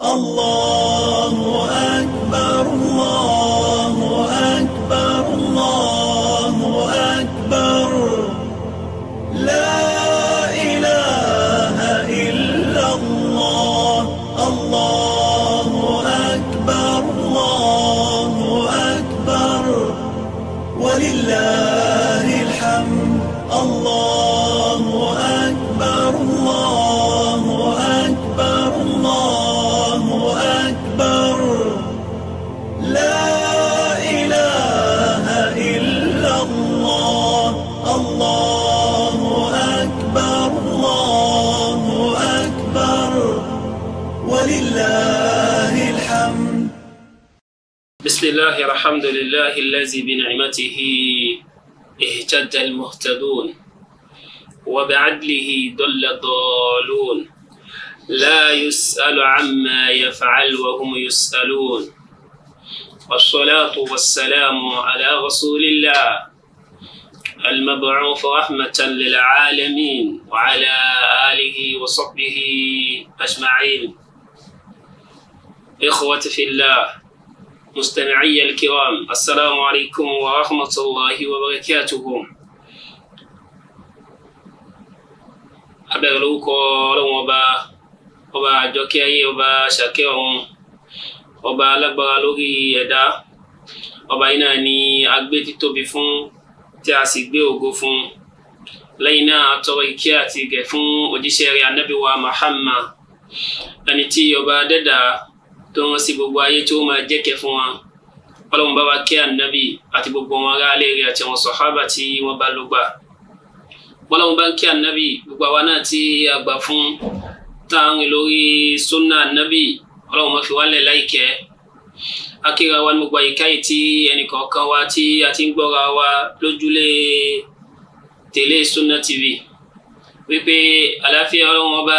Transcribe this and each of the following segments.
الله أكبر الله الحمد لله الذي بنعمته اهتد المهتدون وبعدله ضل الضالون لا يسأل عما يفعل وهم يسألون والصلاة والسلام على رسول الله المبعوث رحمة للعالمين وعلى آله وصحبه أجمعين إخوة في الله مستمعي الكرام السلام عليكم ورحمة الله وبركاته abẹ́rẹ́ lórúkọ ọlọ́run ọba ọba àjọkẹ́ ayé ọba ṣàkẹ́ ọ̀run ọba alágbára lórí ẹ̀dá ọba yìí náà ni a gbé títóbi fún tí a sì gbé ògo fún lẹ́yìn náà tọrọ ìkẹ́ àti ìgẹ̀ fún òjíṣẹ́ rẹ̀ anábìwá Muhammad ẹni tí ọba dẹ́dàá tó ń ṣe gbogbo ayé tí ó máa jẹ́kẹ̀ fún wa ọlọ́run bá wa kí ànábì àti gbogbo wọn ará alẹ́ rẹ̀ àti àwọn sọ̀hábà tí wọ́n bá ló gbà ọlọ́run bá ń kí ànábì gbogbo àwa náà tí a gbà fún tá à ń rìn lórí sunna ànábì ọlọ́run má fi wá lẹ̀ láìkẹ́ akéra wa ní gbogbo àyíká yìí tí ẹnìkọ̀ọ̀kan wa tí a ti ń gbọ́ra wa lójúlé tẹ̀lé sunna tv wípé àlàáfíà ọlọ́run ọba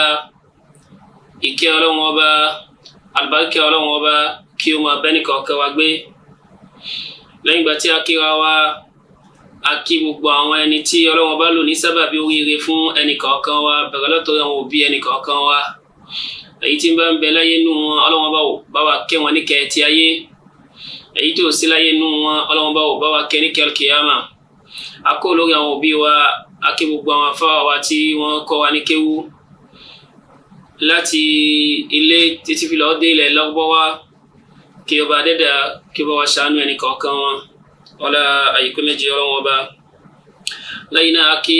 ìkẹ́ ọlọ́run ọba àlùbáríkà ọlọ́run ọba kí ó máa bẹ́nì kọ̀ọ̀kan wa gbé lẹ́yìn ìgbà tí a kíra wa a kí gbogbo àwọn ẹni tí ọlọ́run ọba lò ní sábàbí oríire fún ẹnì kọ̀ọ̀kan wa bẹ̀rẹ̀ lọ́tọ̀ọ́ àwọn òbí ẹnì kọ̀ọ̀kan wa èyí tí ń bá ń bẹ láyé nù wọn ọlọ́run ọba ò bá wa kẹ́ wọn níkẹ́ ti ayé èyí tí sí láyé nù wọn ọlọ́run ọba ò bá wa kẹ́ níkẹ́ kíyámà a kó lórí àwọn òbí wa a kí gbogbo àwọn afáwa wa tí wọ́n kọ́ wa ní kéwú láti ilé títí fi lọ́ọ́ dé ilẹ̀ lọ́gbọ́wá kí ọba adẹ́dà kí ọba wa ṣàánú ẹnì kọ̀ọ̀kan wọn ọlá àyíkú méjì ọlọ́wọ́n ọba lẹ́yìn náà kí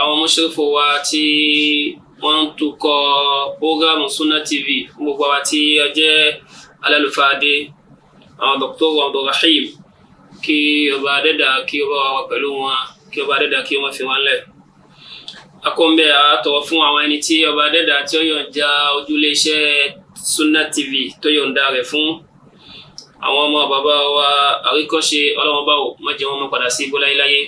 àwọn mọ́ṣẹ́fọ̀ wa tí wọ́n ń tukọ̀ bógámù Sunna TV fún gbogbo wa tí a jẹ́ alálùfáàdé àwọn dọ́kítọ̀ wa Abdulrahim kí ọba adẹ́dà kí ọba wa wà pẹ̀lú wọn kí ọba adẹ́dà kí wọ́n fi wọn lẹ̀ akọ́ńbẹ́ àtọ̀wọ́ fún àwọn ẹni tí ọba dẹ́dà tí ó yọ̀ǹda ojúlé iṣẹ́ Sunna TV tó yọ̀ǹda rẹ̀ fún àwọn ọmọ bàbá wa àríkọ́ṣe ọlọ́mọbáwò má jẹ́ wọn mọ́ padà sí ibú láyéláyé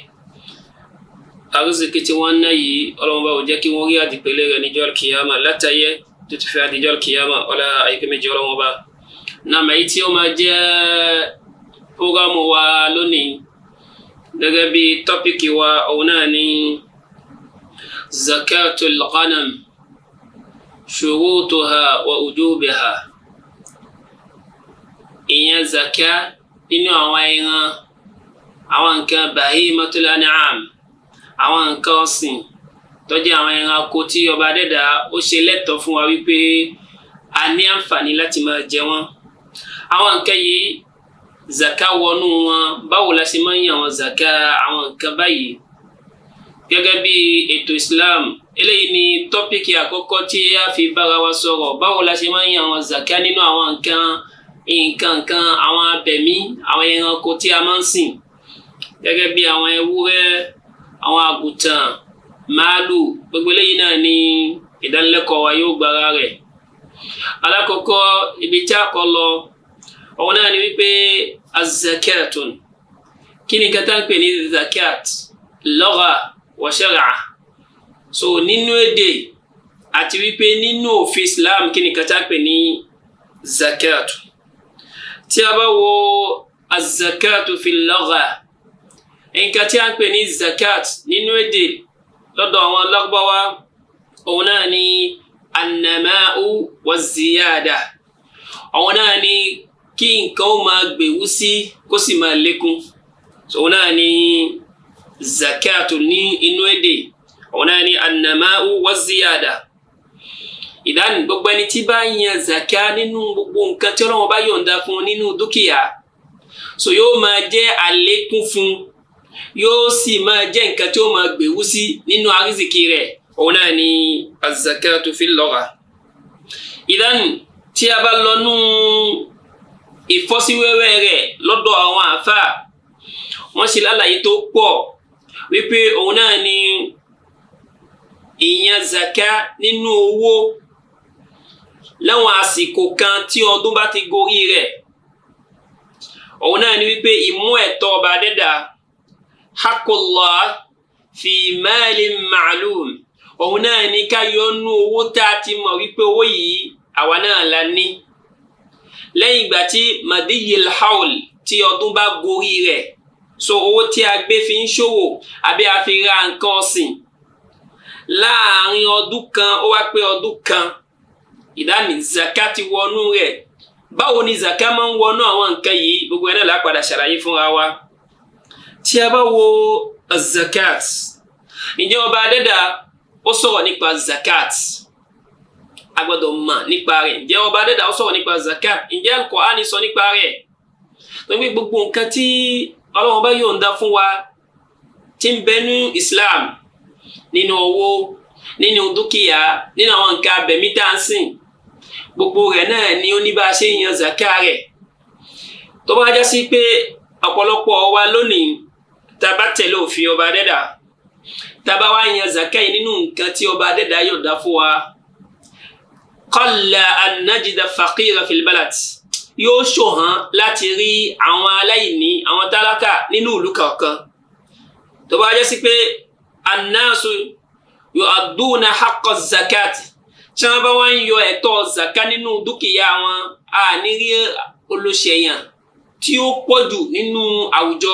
àrísìkí tí wọ́n ń ná yìí ọlọ́mọbáwò jẹ́ kí wọ́n rí àdìpẹ́lẹ́ rẹ̀ níjọ́ kìyàmà látàyẹ́ tó ti fẹ́ àdìjọ́ kìyàmà ọlá àyíké méjì ọlọ́mọba náà yìí tí ó máa jẹ́ prógámù wa lónìí gẹ́gẹ́ bí tọ́pìkì wa òun náà ní. زكاة الغنم شروطها ووجوبها ìyẹn zaka nínú àwọn ẹran àwọn nǹkan bahimatul an'am àwọn nǹkan ọ̀sìn tó jẹ́ àwọn ẹranko tí ọba dẹ́dà ó ṣe lẹ́tọ̀ọ́ fún wa wípé a ní àǹfààní láti máa jẹ wọ́n àwọn nǹkan yìí zaka wọnú wọn báwo la ṣe máa ń yàn wọn zaka àwọn nǹkan báyìí gẹ́gẹ́ bí ètò Islam eléyìí ni tọ́píkì àkọ́kọ́ tí a fi bára wa sọ̀rọ̀ báwo la ṣe máa ń yan àwọn zakia nínú àwọn nǹkan nǹkan kan àwọn abẹ̀mí àwọn ẹranko tí a máa ń sìn gẹ́gẹ́ bí àwọn ewúrẹ́ àwọn àgùntàn màálù gbogbo eléyìí náà ni ìdánilẹ́kọ̀ọ́ wa yóò gbára rẹ̀ alákọ̀ọ́kọ́ ibi tí a kọ́ lọ ọ̀hún náà ni wípé azakiatun kí ni kátà ń pè ní zakiat lọ́ra wọ́ṣẹ́ra so nínú èdè àti wípé nínú òfin Islam kí ni kata pè ní zakat tí a bá wo az-zakat fil lugha nǹkan tí a ń pè ní zakat nínú èdè lọ́dọ̀ àwọn Lárúbáwá òun náà ni annamau wa ziyada òun náà ni kí nǹkan ó máa gbèrú sí kó sì máa lékún òun náà ni zakatu ní inú èdè òun náà ni annamau wa ziyada ìdáni gbogbo ẹni tí bá yan zaka nínú gbogbo nǹkan tí ọlọ́wọ́n bá yọ̀ǹda fún nínú dúkìá so yóò máa jẹ́ àlékún fún yóò sì máa jẹ́ nǹkan tí ó máa gbèwú sí nínú àrísìkí rẹ̀ òun náà ni az-zakatu fil lugha ìdáni tí a bá lọ nú ìfọ́síwẹ́wẹ́ rẹ̀ lọ́dọ̀ àwọn àáfàá wọ́n ṣe lálàyé tó pọ̀ wípé òun náà ni ìyẹn zaka nínú owó láwọn àsìkò kan tí ọdún bá ti gorí rẹ̀ òun náà ni wípé ìmú ẹ̀tọ́ ọba dẹ́dà hakullah fi malin ma'lum òun náà ni ká nú owó tá a ti mọ̀ wípé owó yìí àwa náà la ní lẹ́yìn ìgbà tí madiyil haul tí ọdún bá gorí rẹ̀ so owó tí a gbé fi ń ṣòwò àbí a fi ra nǹkan ọ̀sìn láàrin ọdún kan ó wá pé ọdún kan ìdáni zaka ti wọnú rẹ̀ báwo ni zaka máa ń wọnú àwọn nǹkan yìí gbogbo ẹ̀ náà lápadà ṣàlàyé fúnra wa tí a bá wo zakat ǹjẹ́ ọba adẹ́dà ó sọ̀rọ̀ nípa zakat a gbọ́dọ̀ mọ̀ nípa rẹ̀ ǹjẹ́ ọba adẹ́dà ó sọ̀rọ̀ nípa zakat ǹjẹ́ Al-Qur'ani sọ nípa rẹ̀ tó ń gbé gbogbo nǹkan tí ọlọ́run bá yọ̀ǹda fún wa tí ń bẹ ní islam nínú owó nínú dúkìá nínú àwọn nǹkan abẹ̀mí tá à ń sìn gbogbo rẹ̀ náà ni ó ní bá a ṣe ń yan zaka rẹ̀ tó bá já sí pé ọ̀pọ̀lọpọ̀ wa lónìí tá bá tẹ̀lé òfin ọba dẹ́dà tá bá wá yan zaka yìí nínú nǹkan tí ọba dẹ́dà yọ̀ǹda fún wa qalla an najida faqira yóò ṣòhàn láti rí àwọn aláìní àwọn tálákà nínú ìlú kọ̀ọ̀kan tó bá jẹ́ sí pé annasu yu'adduna haqqa zakat tí wọ́n bá wá ń yọ ẹ̀tọ́ zaka nínú dúkìá wọn a ní rí olóṣèyàn tí ó pọ̀jù nínú àwùjọ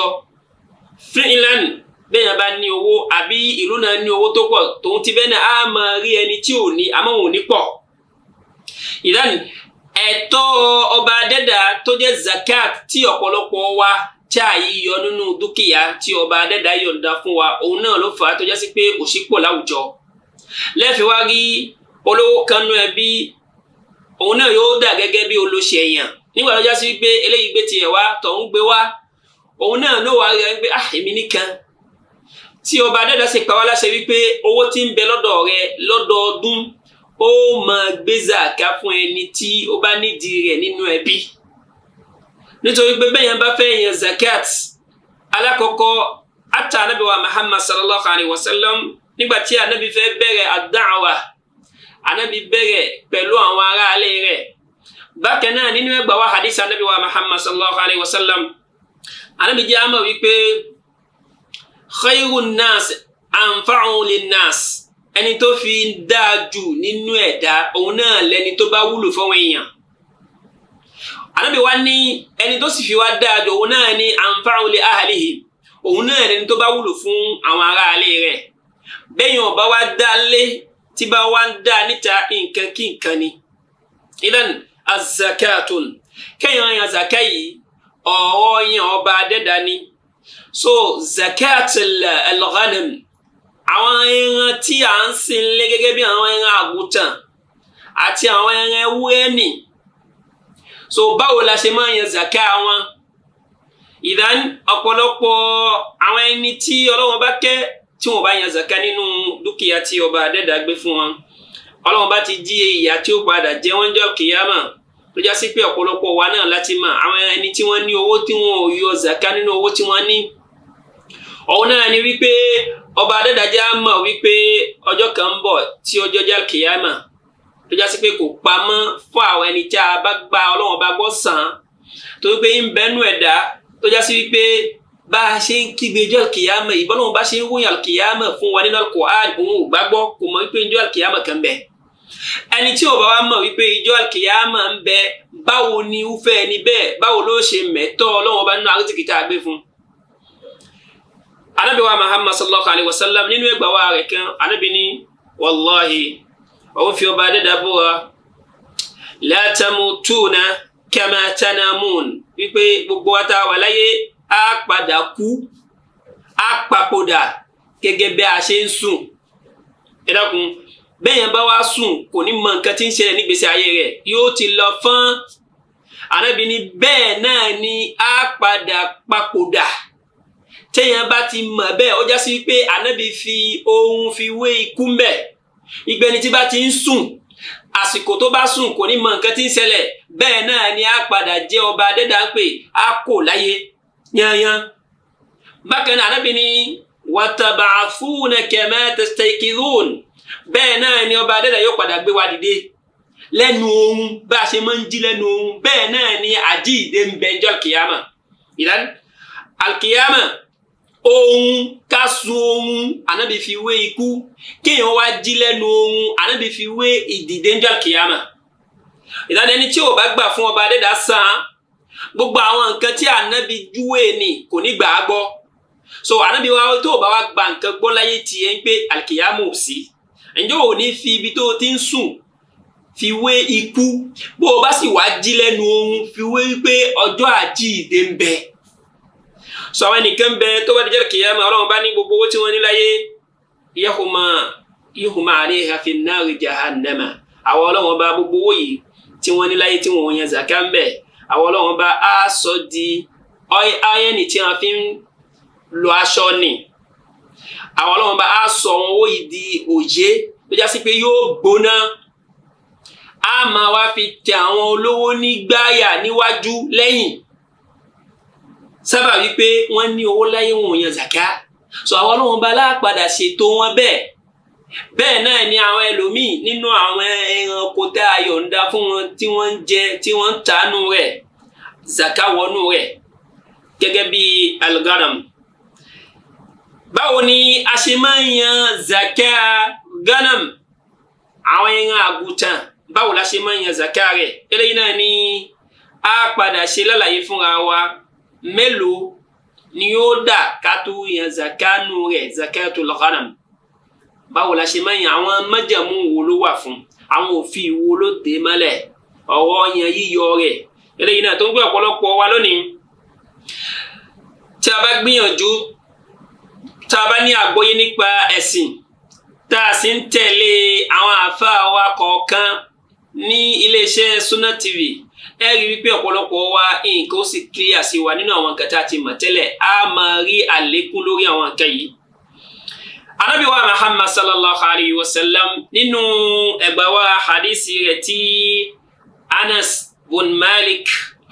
finland bẹ́ẹ̀ bá ní owó àbí ìlú náà ní owó tó pọ̀ tòun ti bẹ́ẹ̀ náà a máa rí ẹni tí ò ní àmọ́ ní pọ̀ ìdáni ẹ̀tọ́ ọba adẹ́dà tó jẹ́ zakat tí ọ̀pọ̀lọpọ̀ wa tí a yí yọ nínú dúkìá tí ọba adẹ́dà yọ̀ǹda fún wa òun náà ló fà á tó jásí pé òṣì pọ̀ láwùjọ lẹ́ẹ̀fì wá rí olówó kan nú ẹbí òun náà yóò dà gẹ́gẹ́ bí olóṣè èèyàn nígbà tó jásí pé eléyìí gbé tiẹ̀ wá tọ̀hún gbé wá òun náà ló wà rẹ̀ pé ah èmi nìkan tí ọba adẹ́dà sì pa wá láṣẹ wípé owó tí ń bẹ lọ́dọ̀ rẹ lọ́dọọdún ó máa gbé zàká fún ẹni tí ó bá nídìí rẹ̀ nínú ẹbí nítorí pé bẹ́ẹ̀ yẹn bá fẹ́ yan zakat alákọ̀ọ́kọ́ ata anabi wa muhammad sallallahu alayhi wa sallam nígbà tí anabi fẹ́ bẹ̀rẹ̀ ad-da'wa anabi bẹ̀rẹ̀ pẹ̀lú àwọn aráalé rẹ̀ bákan náà nínú ẹgbà wa hadith anabi wa muhammad sallallahu alayhi wa sallam anabi jẹ́ àmọ̀ wípé khayrun nas anfa'u lin nas ẹni tó fi dáa jù nínú ẹ̀dá òun náà lẹni tó bá wúlò fọwọn èèyàn ànábì wa ní ẹni tó sì fi wá dáa jù òun náà ní anfa'u li ahlihi òun náà lẹni tó bá wúlò fún àwọn aráalé rẹ̀ bẹ́yìn ọba wa dá lé tí bá wa ń dá níta nǹkan kí nǹkan ni idan azakatun kéèyàn yan zaka yìí ọ̀rọ̀ yan ọba adẹ́dá ni so zakat al-ghanam àwọn ẹran tí à ń sin lé gẹ́gẹ́ bí àwọn ẹran àgùntàn àti àwọn ẹran ewúrẹ́ nì so báwo la ṣe máa yan zaka wọn ìdán ọ̀pọ̀lọpọ̀ àwọn ẹni tí Ọlọ́run bá kẹ́ tí wọn bá yan zaka nínú dúkìá tí ọba adẹ́dà gbé fún wọn Ọlọ́run bá ti jí ìyà tí ó padà jẹ wọ́n jọ kìyàmà tó já sí pé ọ̀pọ̀lọpọ̀ wa náà láti mọ̀ àwọn ẹni tí wọ́n ní owó tí wọn ò yọ zaka nínú owó tí wọ́n ní òun náà ni wípé ọba adẹ́dàjá mọ̀ wípé ọjọ́ kan ń bọ̀ tí ọjọ́ já kìyàmà tó já sí pé kò pamọ́ fún àwọn ẹni tí a bá gba ọlọ́wọ́n bá gbọ́ sàn án tó wípé ń bẹ́nu ẹ̀dá tó já wípé bá a ṣe ń kígbe ọjọ́ kìyàmà ìbọ́lọ́wọ́n bá ṣe ń wòyàn kìyàmà fún wa nínú Al-Qur'an òun ò gbàgbọ́ kò mọ̀ wípé ọjọ́ kìyàmà kan bẹ̀ ẹni tí ò bá wa mọ̀ wípé ọjọ́ kìyàmà ń bẹ báwo ni ó fẹ́ ẹni bẹ́ẹ̀ báwo ló ṣe mẹ́tọ́ ọlọ́wọ́n bá nínú àrùtìkìtà àgbẹ̀ fún un anabi wa muhammad sallallahu alayhi wa sallam nínú ẹgbà wa rẹ̀ kan anabi ní wàláhi òun fi ọba adé dàbúra la tamutuna kama tanamun wípé gbogbo wa tá a wà láyé á padà kú á papòdà gẹ́gẹ́ bí a ṣe ń sùn ẹ dákun bẹ́ẹ̀ yẹn bá wá sùn kò ní mọ nǹkan tí ń ṣẹlẹ̀ nígbèsè ayé rẹ̀ yóò ti lọ fán Ànábì bẹ́ẹ̀ náà ni á padà papòdà téèyàn bá ti mọ̀ bẹ́ẹ̀ ó já sí pé ànábì fi ohun fi wé ikú mbẹ̀ ìgbẹ́ni tí bá ti ń sùn àsìkò tó bá sùn kò ní mọ nǹkan tí ń ṣẹlẹ̀ bẹ́ẹ̀ náà ni a padà jẹ́ ọba adẹ́dà a kò láyé yanyan bákan náà ànábì ni watabafuna kama tastakidun bẹ́ẹ̀ náà ni ọba adẹ́dà yóò padà gbé wa dìde lẹ́nu ohun bá a ṣe máa ń jí lẹ́nu ohun bẹ́ẹ̀ náà ni àjíǹde ń bẹ ńjọ́ kìyàmà ìdáni ohun ká sun ohun anabi fi wé ikú kéèyàn wá jí lẹ́nu ohun anabi fi wé ìdìde ńjọ́ kìyàmà ìdáná ẹni tí ò bá gbà fún ọba adẹ́dá san gbogbo àwọn nǹkan tí anabi júwèé ni kò ní gbà gbọ́ so anabi wa tó o bá wa gba nǹkan gbọ́ láyé tiẹ̀ ń pé alikiyamu ò sí ǹjẹ́ ò ní fi ibi tó ti ń sùn fi wé ikú bó o bá sì wá jí lẹ́nu ohun fi wé pé ọjọ́ àjíǹde ń bẹ sọ àwọn ẹnìkan bẹ tó bá dijọ́ kìyàmá ọlọ́run bá ní gbogbo owó tí wọ́n ní láyé yahuma yahuma alayha fi nari jahannama àwọn ọlọ́run bá gbogbo owó yìí tí wọ́n ní láyé tí wọ́n yan zaka ń bẹ̀ àwọn ọlọ́run bá a sọ di ayẹ́nì tí wọ́n fi ń lo aṣọ ni àwọn ọlọ́run bá a sọ wọn owó yìí di òjé tó já sí pé yóò gbóná a máa wá fi tẹ àwọn olówó nígbáyà níwájú lẹ́yìn sábà wípé wọ́n ní owó láyé wọn ò yan zaka so àwọn ọlọ́wọ́n bá láàpadà ṣètò wọn bẹ́ẹ̀ bẹ́ẹ̀ náà ni àwọn ẹlòmíì nínú àwọn ẹranko tá a yọ̀ǹda fún wọn tí wọ́n ń jẹ tí wọ́n ń tàánú rẹ̀ zaka wọnú rẹ̀ gẹ́gẹ́ bí algaram báwo ni a ṣe máa ń yan zaka ganam àwọn ẹran àgùntàn báwo la ṣe máa ń yan zaka rẹ̀ eléyìí náà ni a padà ṣe lálàyé fúnra wa mélòó ni yóò dà ká tó yan zakanu rẹ̀ zakatul ghanam báwo la ṣe máa yan àwọn májẹ̀mú wo ló wà fún àwọn òfin wo ló dé mọ́lẹ̀ ọ̀rọ̀ yan yíyọ rẹ̀ eléyìí náà tó ń gbé ọ̀pọ̀lọpọ̀ wa lónìí tí a bá gbìyànjú tá a bá ní àgbọ́yé nípa ẹ̀sìn tá a sì ń tẹ̀lé àwọn àáfàá wa kọ̀ọ̀kan ní iléeṣẹ́ Sunna TV ẹ rí i pé ọ̀pọ̀lọpọ̀ wa nǹkan ó sì clear sí wa nínú àwọn nǹkan tá a ti mọ̀ tẹ́lẹ̀ a máa rí àlékún lórí àwọn nǹkan yìí. Ànábì wa Muhammad sallallahu alayhi wa sallam nínú ẹgbà wa hadisi rẹ̀ ti Anas bin Malik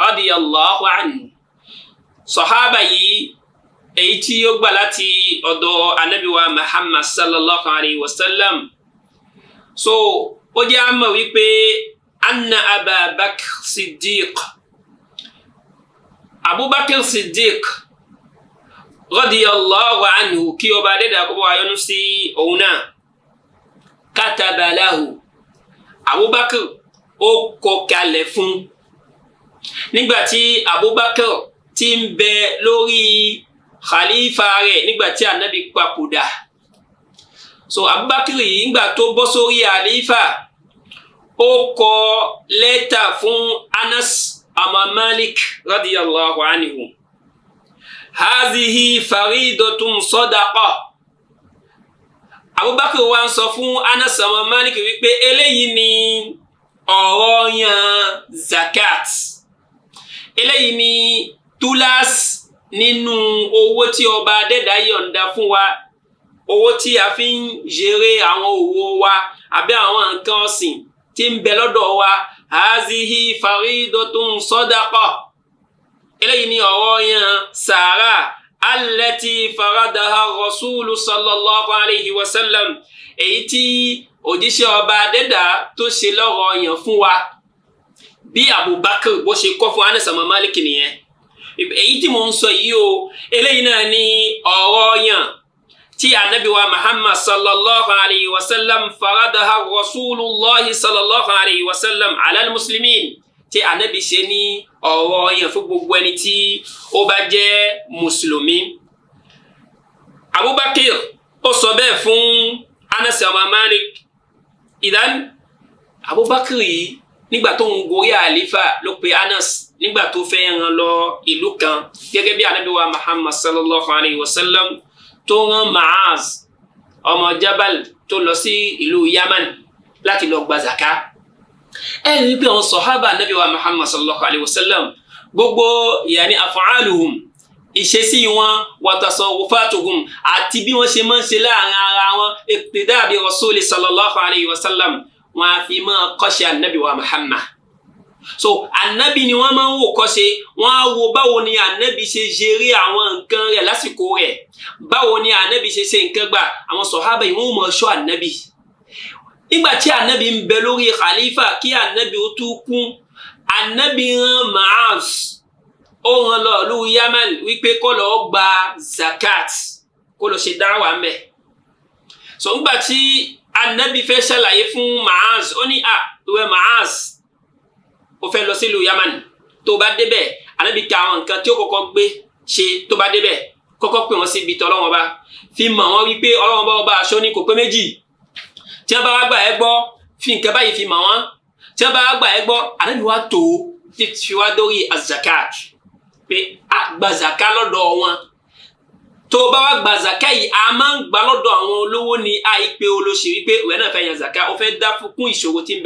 radiyallahu anhu sọ̀hábà yìí èyí tí ó gbà láti ọ̀dọ̀ Ànábì wa Muhammad sallallahu alayhi wa sallam so ó jẹ́ àmọ̀ wípé. أن أبا بكر صديق، أبو بكر صديق، kí الله adéda كي bá wa yọ́nú أونا، كتب له أبو بكر abubakar ó kọ kalẹ̀ fún nígbà tí abubakar ti ń bẹ lórí khalifa rẹ̀ nígbà tí anabi papòdà so abubakar yìí ń gbà tó bọ́ sórí àlífà. So, ó kọ lẹ́tà fún Anas ama Malik radiyallahu anhu hazihi faridotun sadaqa Abubakar wa ń sọ fún Anas ama Malik wípé eléyìí ni ọ̀rọ̀ yan zakat eléyìí ni túláàsì nínú owó tí ọba adẹ́dá yọ̀ǹda fún wa owó tí a fi ń jèrè àwọn òwò wa àbí àwọn nǹkan ọ̀sìn tí ń bẹ lọ́dọ̀ wa hazihi faridotun sadaqa eléyìí ni ọ̀rọ̀ yẹn sàárà allati faradaha rasulu sallallahu alayhi wa sallam èyí tí òjíṣẹ́ ọba adẹ́dà tó ṣe lọ́rọ̀ yẹn fún wa bí abubakar bó ṣe kọ́ fún anasama malik nìyẹn èyí tí mo ń sọ yìí o eléyìí náà ni ọ̀rọ̀ tí anabi wa muhammad sallallahu alayhi wa sallam faradaha rasulillahi sallallahu alayhi wa sallam alal muslimin tí anabi ṣe ní ọ̀rọ̀ yẹn fún gbogbo ẹni tí ó bá jẹ́ mùsùlùmí. abubakar ó sọ bẹ́ẹ̀ fún anas ọmọ malik idan abubakar yìí nígbà tó ń gorí àlefa ló pe anas nígbà tó fẹ́ ràn lọ ìlú kan gẹ́gẹ́ bí anabi muhammad sallallahu alayhi wa sallam tó rán Maaz ọmọ Jabal tó lọ sí ìlú Yaman láti lọ gba zaka ẹ rí bí àwọn sọ̀hábà nàbí wa Muhammad sallallahu alayhi wa sallam gbogbo yàní af'aluhum ìṣesí wọn watasawufatuhum àti bí wọ́n ṣe máa ń ṣe láàrin ara wọn iqtida bi rasuli sallallahu alayhi wa sallam wọn a fi máa kọ́ṣe ànábì wa Muhammad so ànábì ni wọ́n máa ń wò kọ́ṣe wọ́n á wo báwo ni ànábì ṣe ṣeré àwọn nǹkan rẹ̀ lásìkò rẹ̀ báwo ni ànábì ṣe ṣe nǹkan gbà àwọn sọ̀hábà yìí wọ́n mọ̀ ṣọ́ ànábì nígbà tí ànábì ń bẹ lórí khalifa kí ànábì ó tún kún ànábì rán Mu'az ó rán lọ lóru Yaman wípé kó lọ gba zakat kó lọ ṣe dáwà mẹ́ so nígbà tí ànábì fẹ́ ṣàlàyé fún Mu'az ó ní à ìwé Mu'az o fẹ́ lọ sílùú yamani tó o bá débẹ̀ anábì ka àwọn nǹkan tí ó kọ́kọ́ gbé ṣe tó bá débẹ̀ kọ́kọ́ pè wọ́n síbi tọ́ ọlọ́wọ́n bá fi mọ̀ wọ́n wípé ọlọ́wọ́n bá ọba aṣọ ní kò pé méjì tí wọ́n bá wá gbà ẹ́ gbọ́ fi nǹkan báyìí fi mọ̀ wọ́n tí wọ́n bá wá gbà ẹ́ gbọ́ anábì wá tó fi wá dórí azakat pé àgbàzàká lọ́dọ̀ wọn tó o bá wá gba zaka yìí a máa ń gbà lọ́dọ̀ àwọn olówó ni àìpé olóṣèlú pé òwe náà fẹ́ yan zaka ó fẹ́ dá fún kún ìṣòro tí ń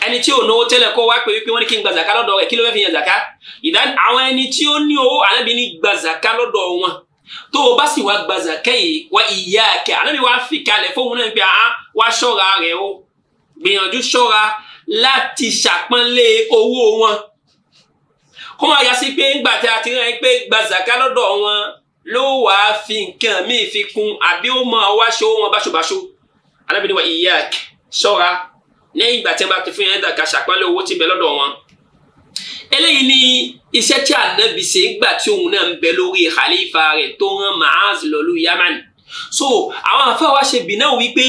ẹni tí ò náwó tẹ́lẹ̀ kó wá pé wípé wọ́n ní kí n gba zaka lọ́dọ̀ rẹ̀ kí ló fẹ́ fi yan zaka ìdá àwọn ẹni tí ó ní owó ànábi ní gba zaka lọ́dọ̀ wọn tó o bá sì wá gba zaka yìí wá ìyá kẹ ànábi wá fi kalẹ̀ fóun náà pé àá wá ṣọ́ra rẹ̀ o gbìyànjú ṣọ́ra láti ṣàpọ́nlé owó wọn kó máa yá sí pé ńgbà tí a ti rán ẹ pé gba zaka lọ́dọ̀ wọn ló wà á fi nǹkan míì fi kún àbí ó máa wá ìyá lẹ́yìn ìgbà tí wọ́n bá ti fún yẹn dà ká ṣàpọ́nlé owó tí ń bẹ lọ́dọ̀ wọn. eléyìí ni iṣẹ́ tí ànábì ṣe gbà tí òun náà ń bẹ lórí khalifa rẹ̀ tó rán Mu'az lọ́lú Yaman. so àwọn àfáà ṣe bì náà wípé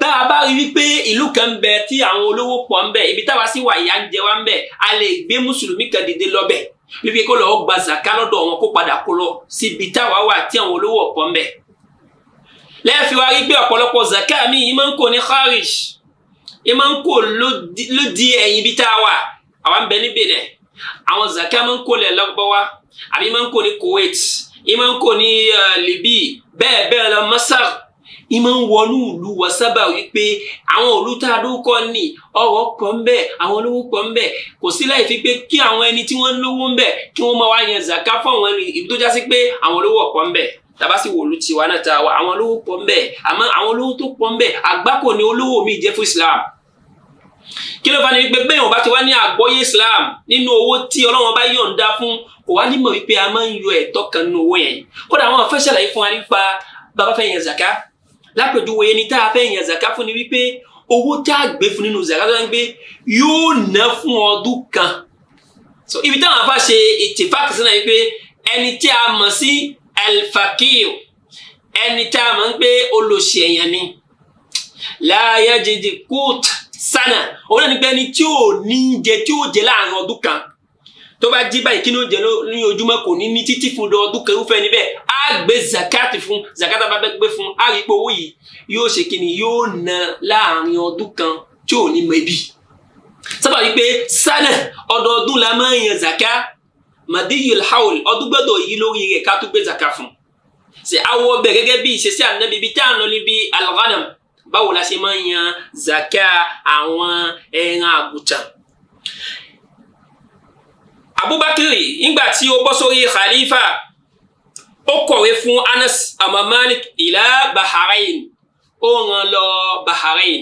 tá a bá rí wípé ìlú kan ń bẹ tí àwọn olówó pọ̀ ń bẹ ibi táwa sì wà ìyà ń jẹ wá ń bẹ a lè gbé mùsùlùmí kan dìde lọ́bẹ̀ wípé kó lọ́ọ́ gba zaka lọ́dọ̀ wọn kó padà kó lọ síbi táwa wà tí àwọn olówó pọ̀ ń bẹ lẹ́ẹ̀fi wá rí pé ọ̀pọ̀lọpọ̀ zaka mi yìí ń kó ní kharij ẹ máa ń kó lódì ẹ̀yìn bí tá a wà àwa ń bẹ ní Benin àwọn zakia máa ń kó lẹ̀ lọ́gbọ́wá àbí máa ń kó ní Kuwait ẹ máa ń kó ní Libya bẹ́ẹ̀ bẹ́ẹ̀ lọ Masar ẹ máa ń wọnú ìlú wa sábà wípé àwọn òlú tá a dúkọ ní ọ̀rọ̀ pọ̀ ń bẹ àwọn olówó pọ̀ ń bẹ fi pé kí àwọn ẹni tí wọ́n ń lówó ń bẹ kí wọ́n máa wá yan zakia fún àwọn ìlú tó já sí pé àwọn olówó pọ̀ tiwa náà ta wa àwọn olówó pọ̀ ń àmọ́ àwọn olówó tó pọ̀ ń àgbákò ni olówó mi jẹ́ fún Islam kí ló fà ní pé bẹ́ẹ̀ wọn bá ti wá ní àgbọ́yé Islam nínú owó tí Ọlọ́run bá yọ̀ǹda fún kò wá nímọ̀ wípé a máa ń yọ ẹ̀tọ́ kan nínú owó yẹn kódà àwọn afẹ́ ṣàlàyé fún wa nípa bàbá fẹ́ yẹn zaka lápèjúwe ẹni tá a fẹ́ yẹn zaka fún ni wípé owó tá a gbé fún nínú zaka tó ń gbé yóò ná fún ọdún kan so ibi táwọn afa ṣe ìtìfáàkì sínú yìí ẹni tí a mọ̀ sí alfakir ẹni tí a mọ̀ ń pé olóṣèyàn ni la yajidi kúùtù sánà òun náà ní pé ẹni tí ò ní jẹ tí ò jẹ láàrin ọdún kan tó bá jí báyìí kí ni ó jẹ ní ojúmọ́ kò ní ní títí fún ọdún kan irúfẹ́ níbẹ̀ á gbé zakati fún zakata bá bẹ gbé fún á rí pé owó yìí yóò ṣe kí ni yóò ná láàrin ọdún kan tí ò ní mẹbi sábà wípé sánà ọdọọdún la máa ń yan zaka madiyul hawl ọdún gbọ́dọ̀ yí lórí rẹ̀ ká tó gbé zaka fún ṣe awọ bẹ gẹ́gẹ́ bí ìṣesí ànábi bí tá à ń níbi alghanam báwo la ṣe máa ń yan zakia àwọn ẹran àgùntàn. Abubakar nígbà tí ó bọ́ sórí khalifa ó kọ̀wé fún Anas amamalik Malik Bahrain ó rán lọ Bahrain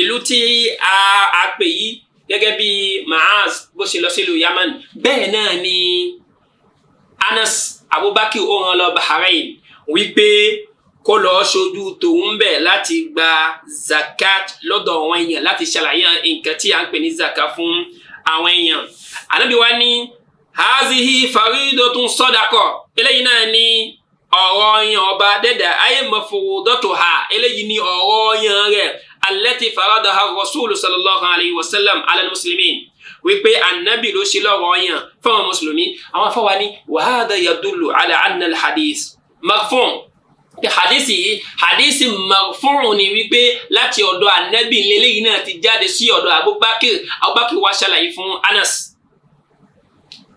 ìlú tí a a pè yí gẹ́gẹ́ bí Maaz bó ṣe lọ sílùú Yaman bẹ́ẹ̀ náà ni Anas Abubakar ó rán lọ Bahrain wípé kó lọ ṣojú tòun bẹ̀ láti gba zakat lọ́dọ̀ àwọn èèyàn láti ṣàlàyé nǹkan tí à ń pè ní zakat fún àwọn èèyàn ànábi wa ní hazihi faridotun sọdakọ eléyìí náà ní ọ̀rọ̀ yan ọba dẹ́dà ayé mọ̀fòwòdọ́tò ha eléyìí ní ọ̀rọ̀ yan rẹ̀ alẹ́tì faradaha rasulu sallallahu alayhi wa sallam alal muslimin wípé anabi ló ṣe lọ́rọ̀ yan fún àwọn mùsùlùmí àwọn afọwani wàhádà yadulu ala anna hadith marfun hadisi yìí hadisi marfu'un ni wípé láti ọ̀dọ̀ anabi lélẹ́yìn náà ti jáde sí ọ̀dọ̀ abubakar abubakar wa ṣàlàyé fún anas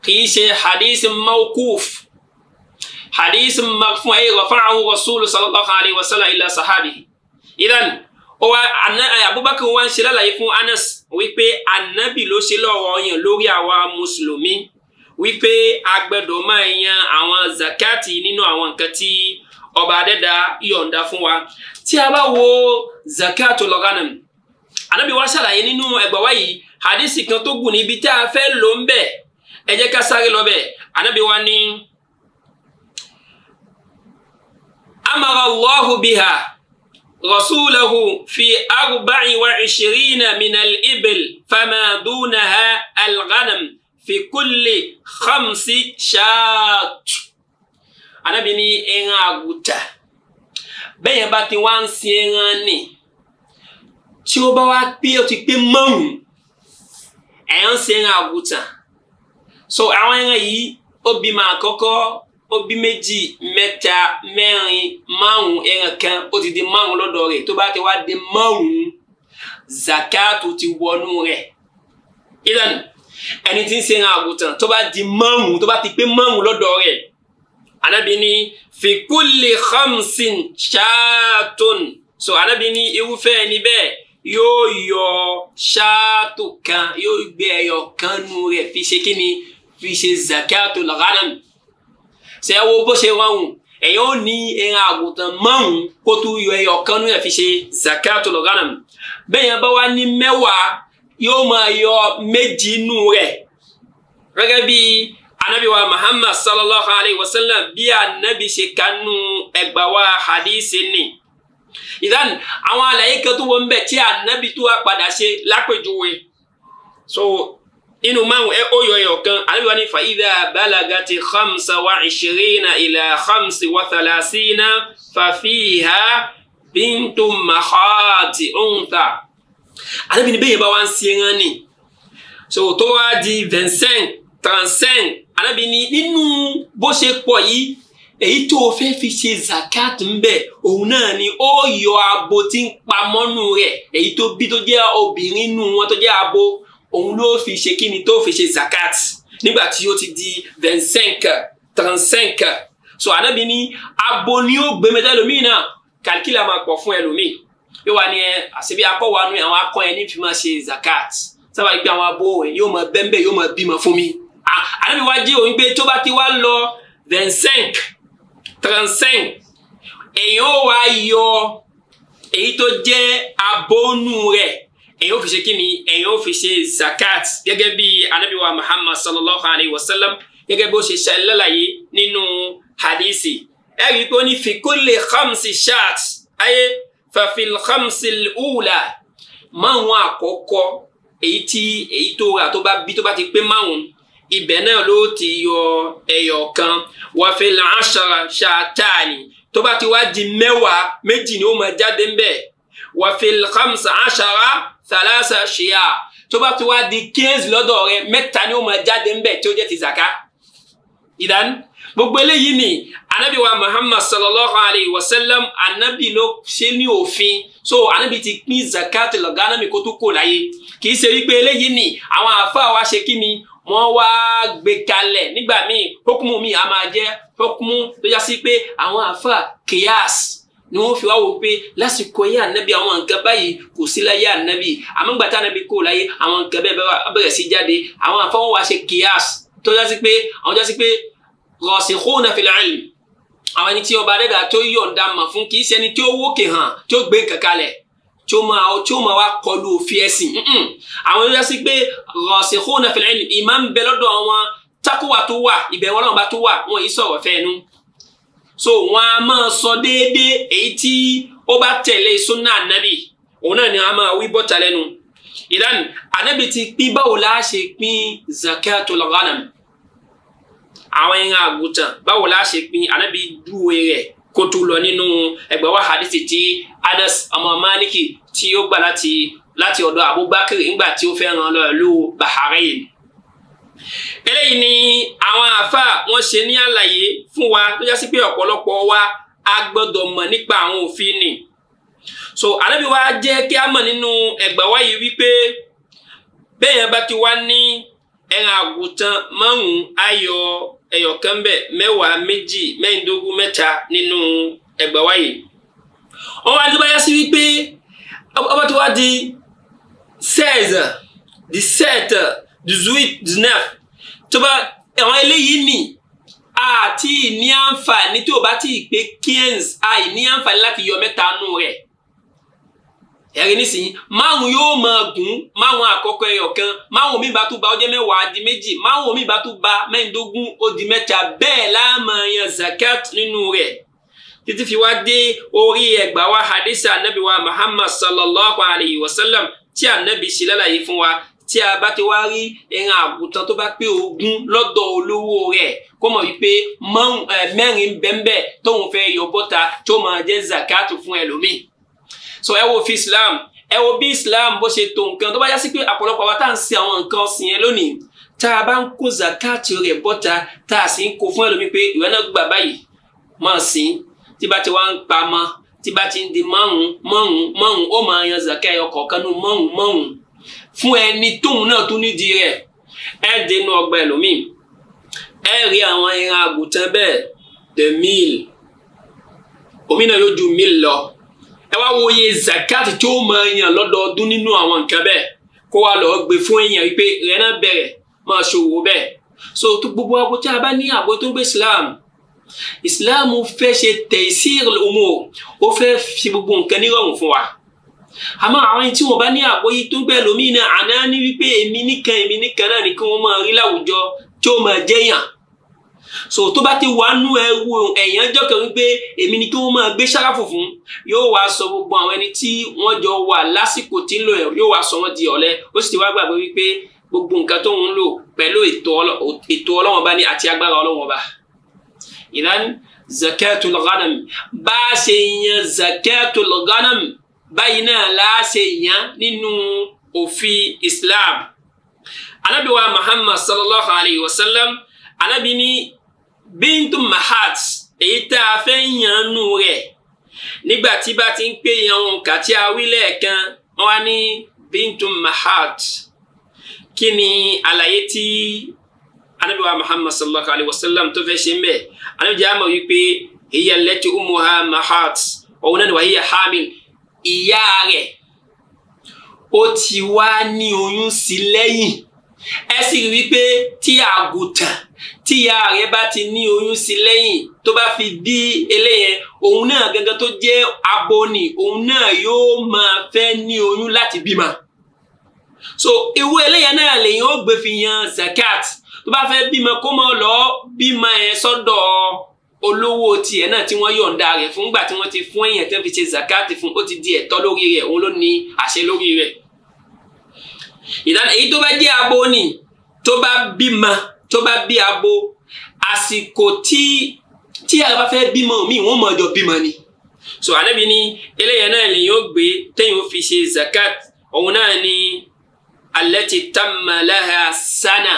kìí ṣe hadisi mawkuf hadisi marfu'un ayé rafa'ahu rasulu sallallahu alayhi wa sallam ila sahabi idan wa abubakar wa ń ṣe lálàyé fún anas wípé anabi ló ṣe lọ́rọ̀ yẹn lórí àwa mùsùlùmí wípé a máa yan àwọn zakati nínú àwọn nǹkan tí ọba adẹ́dá yọ̀ǹda fún wa tí a bá wo zakatul ghanam anábì wa ṣàlàyé nínú ẹgbà wa yìí hadisi kan tó gùn níbi tí a fẹ́ lò ń bẹ̀ ẹ jẹ́ ká sáré lọ bẹ̀ anábì wa ní. amara allahu biha rasulahu fi arba'i wa ishirina min al-ibil fama dunaha al-ghanam fi Ànábì ní ẹran àgùntàn bẹ́ẹ̀ yẹn bá ti wá ń sin ẹran nì tí ó bá wá pé ó ti pé márùn ẹ̀ ń sin ẹran àgùntàn so àwọn ẹran yìí ó bímọ àkọ́kọ́ ó bí méjì mẹ́ta mẹ́rin márùn-ún ẹran kan ó ti di márùn lọ́dọ̀ rẹ̀ tó bá ti wá di márùn-ún zakatu ti wọnú rẹ̀ ìlànà ẹni tí ń sin ẹran àgùntàn tó bá di márùn tó bá ti pé márùn lọ́dọ̀ rẹ̀ anabi ní fi kulli khamsin ṣáàtún so anabi ní irúfẹ́ ẹni bẹ́ẹ̀ yóò yọ ṣáàtù kan yóò gbé ẹyọ kan nu rẹ̀ fi ṣe kí ni fi ṣe zakatul ghanam ṣe wo bó ṣe rọrùn èyàn ò ní ẹran àgùntàn márùn kó tó yọ ẹyọ kan nu rẹ̀ fi ṣe zakatul ghanam bẹ́ẹ̀ yẹn bá wá ní mẹ́wàá yóò máa yọ méjì nu rẹ̀ gẹ́gẹ́ bíi anabi wa muhammad sallallahu alayhi wa sallam bí anabi ṣe kanu ẹgbà wa hadisi ni ìdán àwọn àlàyé kan tó wọ́n ń anabi tó wá padà ṣe lápèjúwe so inú márùn ẹ ó yọ ẹyọ kan àríwá ní fàídà bálagàtì hamsa wa ìṣirínà ìlà hamsi wa thalasina fàfíhà bíntù mahati òǹtà àríwá ní bẹ́yẹn bá wá ń ṣe ni so tó wá di vingt-cinq anábì ní nínú bó ṣe pọ̀ yìí èyí tó o fẹ́ fi ṣe zakat ń bẹ̀ òun náà ni ó yọ abo tí ń pamọ́nù rẹ̀ èyí tó bí tó jẹ́ obìnrin nù wọn tó jẹ́ abo òun ló fi ṣe kí ni tó fi ṣe zakat nígbà tí ó ti di vingt cinq so anábì ní abo ni ó gbé mẹ́ta ẹlòmíì náà kàlíkìlà máa pọ̀ fún ẹlòmíì yóò wá ní ẹ àṣebí akọ́wánu àwọn akọ́ yẹn ní fi máa ṣe zakat sábà gbé àwọn abo yóò máa bẹ́ńbẹ́ yóò máa bímọ fún mi ànábì wá jí òun pé tó bá ti wá lọ vingt-cinq trente-cinq èyàn ó wá yọ èyí tó jẹ́ abónú rẹ̀ èyàn ó fi ṣe kí ni èyàn ó fi ṣe zakat gẹ́gẹ́ bí ànábì Muhammad sallallahu alayhi wa sallam gẹ́gẹ́ bó ṣe ṣàlàyé nínú hadisi ẹ rí i pé ó ní fi kulli khamsi shat ayé fàfil khamsi ula márùn àkọ́kọ́ èyí tí èyí tó rà tó bá bí tó bá ti pé márùn ibẹ̀ náà ló ti yọ ẹyọ kan wàfẹ́ làásàrà ṣàtàní tó bá ti wá di mẹ́wàá méjì ni ó máa jáde ń bẹ̀ wàfẹ́ làkàmsà àṣàrà tàlàṣà ṣìyà tó bá ti wá di kéèzì lọ́dọ̀ rẹ mẹ́ta ni ó máa jáde ń bẹ̀ tí ó jẹ́ ti zaka ìdán gbogbo eléyìí ni anabi wa muhammad sallallahu alayhi wa sallam anabi ló ṣe ní òfin so anabi ti pín zakat lọ́gánàmì kó tó kò láyé kì í ṣe wípé eléyìí ni àwọn àfa wa ṣe kí ni wọ́n wá gbé kalẹ̀ nígbà míì hókùmù míì a máa jẹ́ hókùmù tó já sí pé àwọn àfa kíyàs ni wọ́n fi wá wò pé lásìkò yẹn ànábì àwọn nǹkan báyìí kò sí láyé ànábì àmọ́ gbàtà ànábì kò láyé àwọn nǹkan bẹ́ẹ̀ bẹ̀rẹ̀ sí jáde àwọn àfa wọn wá ṣe kíyàs tó já sí pé àwọn já sí pé rasikhuna fil ilm àwọn ẹni tí ọba adẹ́dà tó yọ̀ǹda mọ̀ fún kì í ṣe ẹni tí wókè hàn tí gbé nǹkan tí ó máa tí ó máa wá kọlu òfin ẹ̀sìn àwọn yóò yẹsí pé rasikhuna fil ilm ìmọ̀ ń bẹ lọ́dọ̀ wọn tákùwà tó wà ìbẹ̀wò Ọlọ́run bá tó wà wọn yìí sọ̀rọ̀ fẹ́nu so wọn a máa sọ déédéé èyí tí ó bá tẹ̀lé sunna anabi òun náà ni wọn a máa wí bọ́ta lẹ́nu ìdán anabi ti pín báwo la ṣe pín zakatul ghanam àwọn ẹran àgùntàn báwo la ṣe pín anabi dúwe rẹ̀ kótó lọ nínú ẹgbẹ́ wa hadith ti Anas ọmọ Maliki tí ó gbà láti láti ọ̀dọ̀ Abubakar ńgbà tí ó fẹ́ràn lọ ìlú Bahrain eléyìí ni àwọn àáfà wọn ṣe ní àlàyé fún wa tó jásí pé ọ̀pọ̀lọpọ̀ wa a gbọ́dọ̀ mọ̀ nípa àwọn òfin ni so Ànábì wa jẹ́ kí a mọ̀ nínú ẹgbẹ́ wa yìí wípé bẹ́ẹ̀ yẹn bá ti wá ní ẹran àgùntàn márùn-ún ayọ ẹyọkan bẹ mẹ́wàá méjì mẹ́ẹ̀ẹ́dógún mẹ́ta nínú ẹgbàá wáyé wọn wá sí wípé ọba tó wá di seize dix-sept dix-huit dix-neuf tó bá àwọn eléyìí nì àti ní àǹfààní tó bá ti pé quinze àì ní àǹfààní láti yọ mẹ́ta nù rẹ̀ ẹ̀rí nísìnyí márùn yóò máa gùn márùn àkọ́kọ́ ẹyọ kan márùn mi bá tún ba ó jẹ́ mẹ́wàá di méjì márùn mi bá ba mẹ́ẹ̀ẹ́dógún ó mẹ́ta bẹ́ẹ̀ la máa yan zakat nínú rẹ̀ títí fi wá dé orí ẹgbàá wa hadith anabi wa muhammad sallallahu alayhi wa sallam tí anabi ṣe lálàyé fún wa tí a bá ti wá rí ẹran àgùntàn tó bá pé ogún lọ́dọ̀ olówó rẹ̀ kó mọ̀ wípé eh, mẹ́rin bẹ́ńbẹ́ tóun fẹ́ yọ bọ́ta tó máa jẹ́ zakat fún ẹlòmíì so ẹ wo fi islam ẹ wo bí islam bó ṣe tó nǹkan tó bá yá sí pé àpọ̀lọpọ̀ àwa tá à ń ṣe àwọn nǹkan ọ̀sìn yẹn lónìí tá a bá ń kó zakati rẹ̀ bọ́ta tá a sì ń kó fún ẹlòmíì pé ìwé náà gbà báyìí máa sìn tí bá ti wá ń pa mọ́ tí bá ti ń di márùn márùn márùn ó máa yan zakai ọkọ̀ọ̀kan nù márùn márùn fún ẹni tóun náà tún nídìí rẹ̀ ẹ dénú ọgbà ẹlòmíì ẹ rí àwọn ẹran àgùntàn bẹ́ẹ̀ the meal omi náà yóò ju meal lọ ẹ wá wo iye zakat tí ó máa yàn lọ́dọọdún nínú àwọn nǹkan bẹ́ẹ̀ kó wa lọ gbé fún èèyàn wípé rẹ náà bẹ̀rẹ̀ máa ṣòwò bẹ́ẹ̀ so tó gbogbo abo tí a bá ní àbọ̀ tó gbé islam islam fẹ́ ṣe taysir al-umur ó fẹ́ ṣe gbogbo nǹkan nírọ̀rùn fún wa àmọ́ àwọn tí wọ́n bá ní àgbọ́yé tó bẹ́ẹ̀ lómìnira àná ní wípé èmi nìkan èmi nìkan náà ni kí wọ́n máa rí láwùjọ tí ó máa jẹ́yàn so tó bá ti wà nú ẹwu ẹ̀yàn jọ́kẹ́ wípé èmi ni kí wọ́n máa gbé ṣáráfù fún yóò wá sọ gbogbo àwọn ẹni tí wọ́n jọ wà lásìkò tí ń lò ẹ̀ yóò wá sọ wọ́n di ọ̀lẹ ó sì ti wá gbàgbé wípé gbogbo nǹkan tó ń lò pẹ̀lú ètò ọlọ́wọ́n bá ní àti agbára ọlọ́wọ́n bá ìlànà zakatul ghanam bá a ṣe yan zakatul ghanam báyìí náà láṣẹ yan nínú òfin Islam anabiwa Muhammad sallallahu alayhi wa sallam anabi ni bíntu mahat èyí tá a fẹ́ yànnú rẹ̀ nígbà tí bá ti ń pè yan òun kà tí a wọ́n ní bíntu mahat kí ni àlàyé tí anabi muhammad sallallahu alayhi wa sallam tó fẹ́ ṣe ń bẹ̀ anabi jẹ́ àmọ̀ wípé hiya allati ummuha mahat òun náà ni wà hiya hamil ìyá rẹ̀ ó ti wá ní oyún sí lẹ́yìn ẹ sì rí i pé tí àgùntàn tíya rẹ bá ti ní oyún sí lẹ́yìn tó bá fi di eléyẹn òun náà gangan tó jẹ́ abo ni òun náà yóò máa fẹ́ ní oyún láti bímọ so ewu eléyẹn náà lèyìn ó gbé fi yan zakat tó bá fẹ́ bímọ kó mọ lọ bímọ ẹ sọ́dọ̀ olówó tiẹ̀ náà tí wọ́n yọ̀ǹda rẹ̀ fún gbà tí wọ́n ti fún èèyàn tó fi ṣe zakat fún ó ti di ẹ̀tọ́ lórí rẹ̀ òun ló ní àṣẹ lórí rẹ̀ ìdáná èyí tó bá jẹ́ abo ni tó bá bímọ tó bá bí abo àsìkò tí tí a bá fẹ́ bímọ mi wọ́n mọ̀ ọjọ́ bímọ ni so anabi ni eléyà náà lè yóò gbé téyàn ó fi ṣe zakat òun náà ni allati tamma laha sana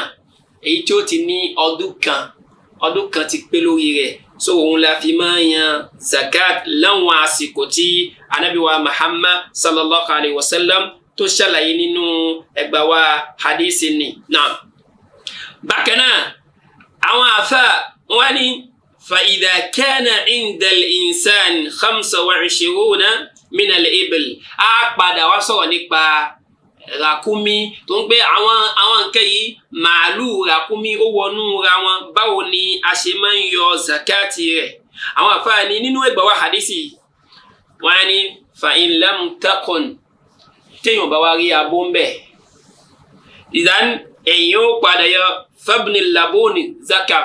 èyí tí ó ti ní ọdún kan ọdún kan ti pé lórí rẹ̀ so òun la fi máa yan zakat láwọn àsìkò tí anabi wa muhammad sallallahu alayhi wa sallam tó ṣàlàyé nínú ẹgbàá wa hadisi ni náà bákan náà àwọn àfa wọn ni fàìdà kana indal insan khamsa wa ishiruna minal ibil á padà wá sọ̀rọ̀ nípa ràkúmí tó ń pé àwọn àwọn nǹkan yìí màálù ràkúmí ó wọnú ra wọn báwo ni a ṣe máa ń yọ zakati rẹ̀ àwọn àfa ni nínú ẹgbàá wa hadisi wọn ni fa'in lam téèyàn bá wá rí abó ń bẹ̀ ẹ̀yin ó padà yọ fẹ́bùnì labóni zaka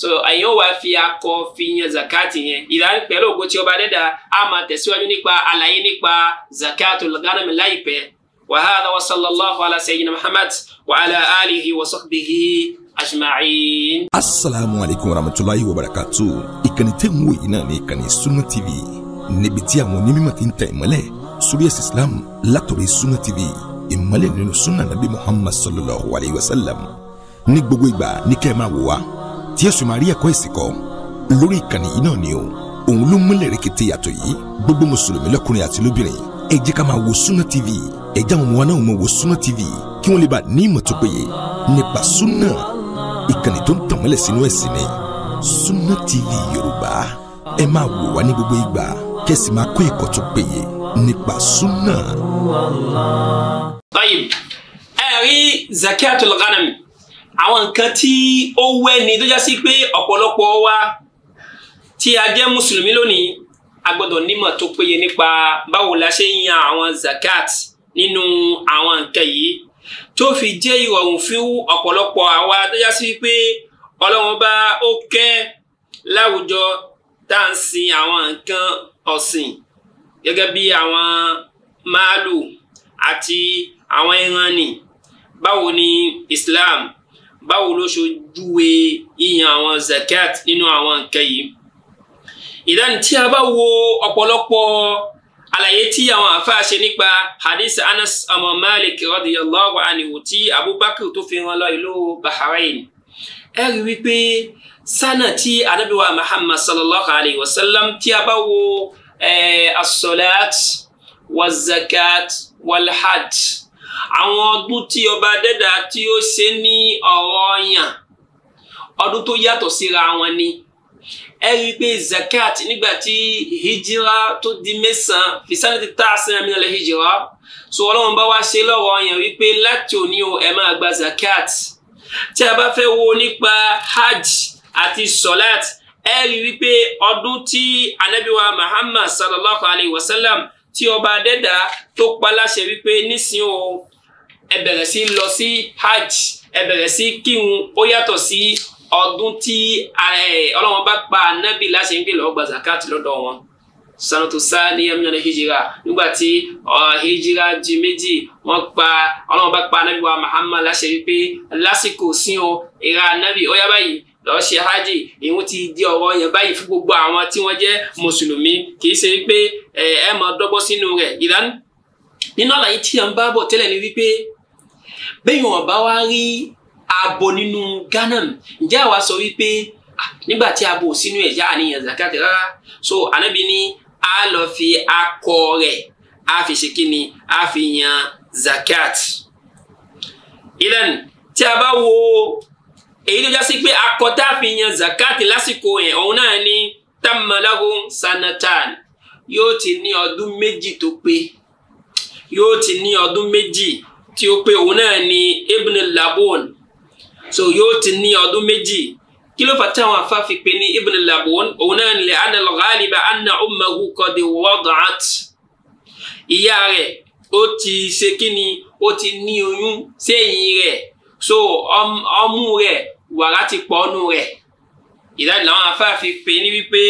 so ẹ̀yin ó wá fi akọ fi yan zakati yẹn ìdáhùn pẹ̀lú ògo tí ọba dẹ́dà á máa tẹ̀síwájú nípa àlàyé nípa zakatu ganami láìpẹ́ wàhálà wa ala sayyidina muhammad wa ala alihi wa sahbihi ajma'in. asalaamualeykum warahmatulahi wabarakatu ìkànnì tẹ́ ń wò yìí náà ní ìkànnì Sunna TV níbi tí àwọn onímọ̀ ti ń tẹ̀ mọ́lẹ̀ suriyas islam látọ̀rẹ́ Sunna TV ìmọ́lẹ̀ nínú sunna nabi Muhammad sallallahu alayhi wa sallam ní gbogbo ìgbà ní kẹ́ ẹ máa wò wá tí ẹ sì máa rí ẹ̀kọ́ ìsìnkọ́ lórí ìkànnì yìí náà ni o òun ló múlẹ̀ rẹ̀kẹ̀tẹ̀ yàtọ̀ yìí gbogbo mùsùlùmí lọ́kùnrin àti lóbìnrin ẹ jẹ́ ká máa wo súnà TV ẹ jẹ́ àwọn ọmọ wa náà máa wo súnà TV kí wọ́n lè bá ní ìmọ̀ tó péye nípa súnà ìkànnì tó ń tàn mọ́lẹ̀ sínú ẹ̀sìn ni súnà TV Yorùbá ẹ máa wò wá ní gbogbo ìgbà kẹ́sì máa kọ́ ẹ̀kọ́ tó péye nípa súnà. báyìí ẹ rí zakiatul ghanam àwọn nǹkan tí ó wẹ́ ni tó já sí pé ọ̀pọ̀lọpọ̀ wa tí a jẹ́ mùsùlùmí lónìí a gbọ́dọ̀ nímọ̀ tó péye nípa báwo la ṣe ń yan àwọn zakat nínú àwọn nǹkan yìí tó fi jẹ́ ìrọ̀rùn fún ọ̀pọ̀lọpọ̀ àwa tó já sí pé ọlọ́run bá ó kẹ́ láwùjọ tá à ń sin àwọn nǹkan ọ̀sìn gẹ́gẹ́ bí àwọn máàlù àti àwọn ìrànnì báwo ni Islam báwo ló ṣojúwe yíyan àwọn zakat nínú àwọn nǹkan yìí ìdáni tí a bá wo ọ̀pọ̀lọpọ̀ àlàyé tí àwọn àfáà ṣe nípa hadith Anas ọmọ Malik radiyallahu anhu tí Abubakar tó fi wọn lọ ìlú Bahrain ẹ rí wípé sánà tí anabiwa Muhammad sallallahu alayhi wa sallam tí a bá wo Eh, asolat wazakat walhaj àwọn ọdún tí ọba dẹ́dà tí ó ṣe ní ọ̀ranyàn ọdún tó yàtọ̀ síra wọn ni ẹ rí i pé zakat nígbà tí hijira tó di mẹ́sàn-án fisani ti tá a sẹ́yìn àmì nàlẹ́ hijira so ọlọ́run bá wá ṣe lọ́ranyàn wípé láti òní o ẹ máa gba zakat tí a bá fẹ́ wo nípa hajj àti solat ẹ rí wípé ọdún tí anabiwa Muhammad sallallahu alayhi wa sallam tí ọba adẹ́dà tó paláṣẹ wípé nísìnyí o ẹ bẹ̀rẹ̀ sí lọ sí hajj ẹ bẹ̀rẹ̀ sí kírun ó yàtọ̀ sí ọdún tí ọlọ́wọ́n bá pa anabi láṣẹ ń gbé lọ́ọ́ gba zakat lọ́dọ̀ wọn sanoto sáni amina hijira nígbàtí hijira di méjì wọ́n pa Ọlọ́run pa anabi Muhammad láṣẹ wípé lásìkò sí o ìra anabi ó yá báyìí lọ ṣe hajj ìhun ti di ọ̀rọ̀ yẹn báyìí fún gbogbo àwọn tí wọ́n jẹ́ mùsùlùmí kì í ṣe pé ẹ mọ dọ́gbọ́n sínú rẹ̀ ìdán nínú àlàyé tí à ń bá bọ̀ tẹ́lẹ̀ ni wípé bẹ́ẹ̀ wọn bá wá rí abo nínú Ghana ǹjẹ́ àwa sọ wípé nígbà tí abo ò sínú ẹ̀já àníyàn zakat rárá so ànábi ni a lọ fi akọ rẹ̀ a fi ṣe kí ni a fi yan zakat. ìdán tí a bá wo èyí tó jásí pé akọta àfihàn zakati lásìkò yẹn òun náà ni tamalahu sanatan yóò ti ní ọdún méjì tó pé yóò ti ní ọdún méjì tí ó pé òun náà ni ibn labon so yóò ti ní ọdún méjì kí ló fà tí àwọn afá fi pè ní ibn labon òun náà ni anna al-ghaliba anna ummahu qad wada'at ìyá rẹ̀ ó ti ṣe kí ni ó ti ní oyún sẹ́yìn rẹ̀ so ọmú rẹ̀ wàrà ti pọ̀ ọ́nú rẹ̀ ìdájọ́ làwọn afáàfi pè ní wípé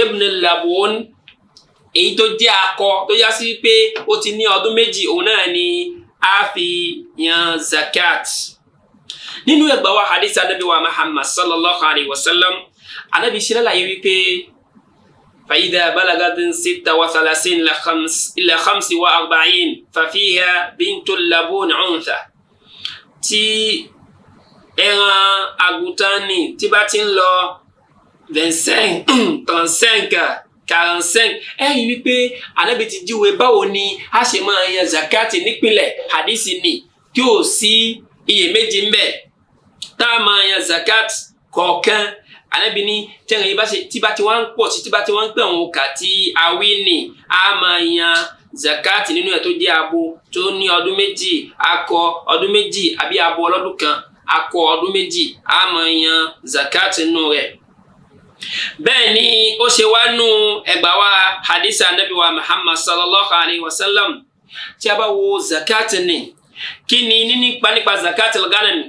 ibn labun èyí tó jẹ́ akọ tó yá sí wípé ó ti ní ọdún méjì òun náà ni a fi yan zakat nínú ẹgbà wa hadith anabi wa muhammad sallallahu alayhi wa sallam anabi ṣe lálàyé wípé fàyídà balagadin sita wa salasin ila khamsi wa arba'in fafiha bintu labun untha tí ẹran àgùntàn ni tí bá ti ń lọ vingt-cinq trente-cinq quarante-cinq ẹ rí wípé Ànábì ti júwe báwo ni a ṣe máa yan zakati nípìnlẹ̀ hadisi ni tí ò sí iyèméjì ń bẹ tá a máa yan zakati kọ̀ọ̀kan Ànábì ní tẹ̀rẹ̀ tí bá ti wá ń pọ̀ sí tí bá ti wá ń pẹ̀ wọn kà tí a wí ni a máa yan zakati nínú ẹ̀ tó jẹ́ abo tó ní ọdún méjì akọ ọdún méjì àbí abo ọlọ́dún kan akọ ọdún méjì a máa yan zakati nínú rẹ̀ bẹ́ẹ̀ ni ó ṣe wá nú ẹgbà wa hadisa anabi wa muhammad sallallahu alayhi wa sallam tí a bá wo zakati ni kí ni níní nípa zakati al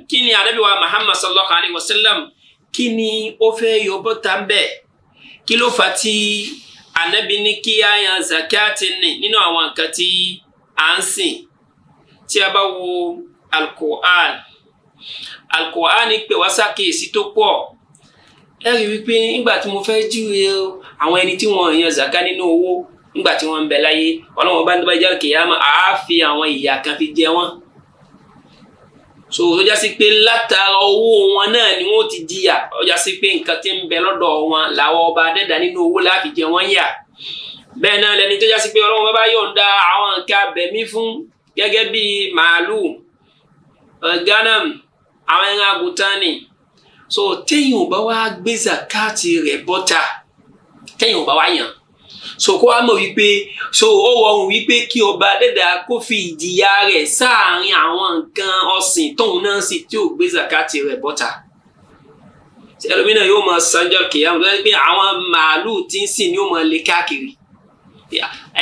kí ni anabi wa muhammad sallallahu alayhi wa sallam kí ni ó fẹ́ yọ bọ́ta ń bẹ̀ kí ló fà tí. anabi ni kí a yan zakati ní nínú àwọn nǹkan tí a ń sìn tí a bá wo alukur'an alukur'an pè wá ṣàkíyèsí tó pọ̀ ẹ rí wípé nígbà tí mo fẹ́ júwe àwọn ẹni tí wọ́n yan zaka nínú owó nígbà tí wọ́n ń bẹ láyé ọlọ́wọ́n bá ń dábàá jẹ́ kéèyàn á fi àwọn ìyà kan fi jẹ wọ́n so ó jásí pé látara owó wọn náà ni wọn ti jìyà ó jásí pé nǹkan tí ń bẹ lọ́dọ̀ wọn làwọn ọba adẹ́dà nínú owó láti jẹ wọ́n yà bẹ́ẹ̀ náà lẹni tó jásí pé ọlọ́run bá yọ̀ǹda àwọn nǹkan abẹ̀mí fún gẹ́gẹ́ bíi màálù ganam àwọn ẹran àgùntàn ni so téèyàn ò bá wá gbé zakati rẹ̀ bọ́ta téèyàn ò bá wá yàn so kó wá mọ̀ wípé so ó rọrùn wípé kí ọba dẹ́dà kó fi ìjìyà rẹ̀ sáàárín àwọn nǹkan ọ̀sìn tóun náà sì tí ò gbé zakati rẹ̀ bọ́ta ẹlòmínà yóò máa sanjọ kìyàmù lọ́wọ́ pé àwọn màálù tí ń sìn ni ó máa lé káàkiri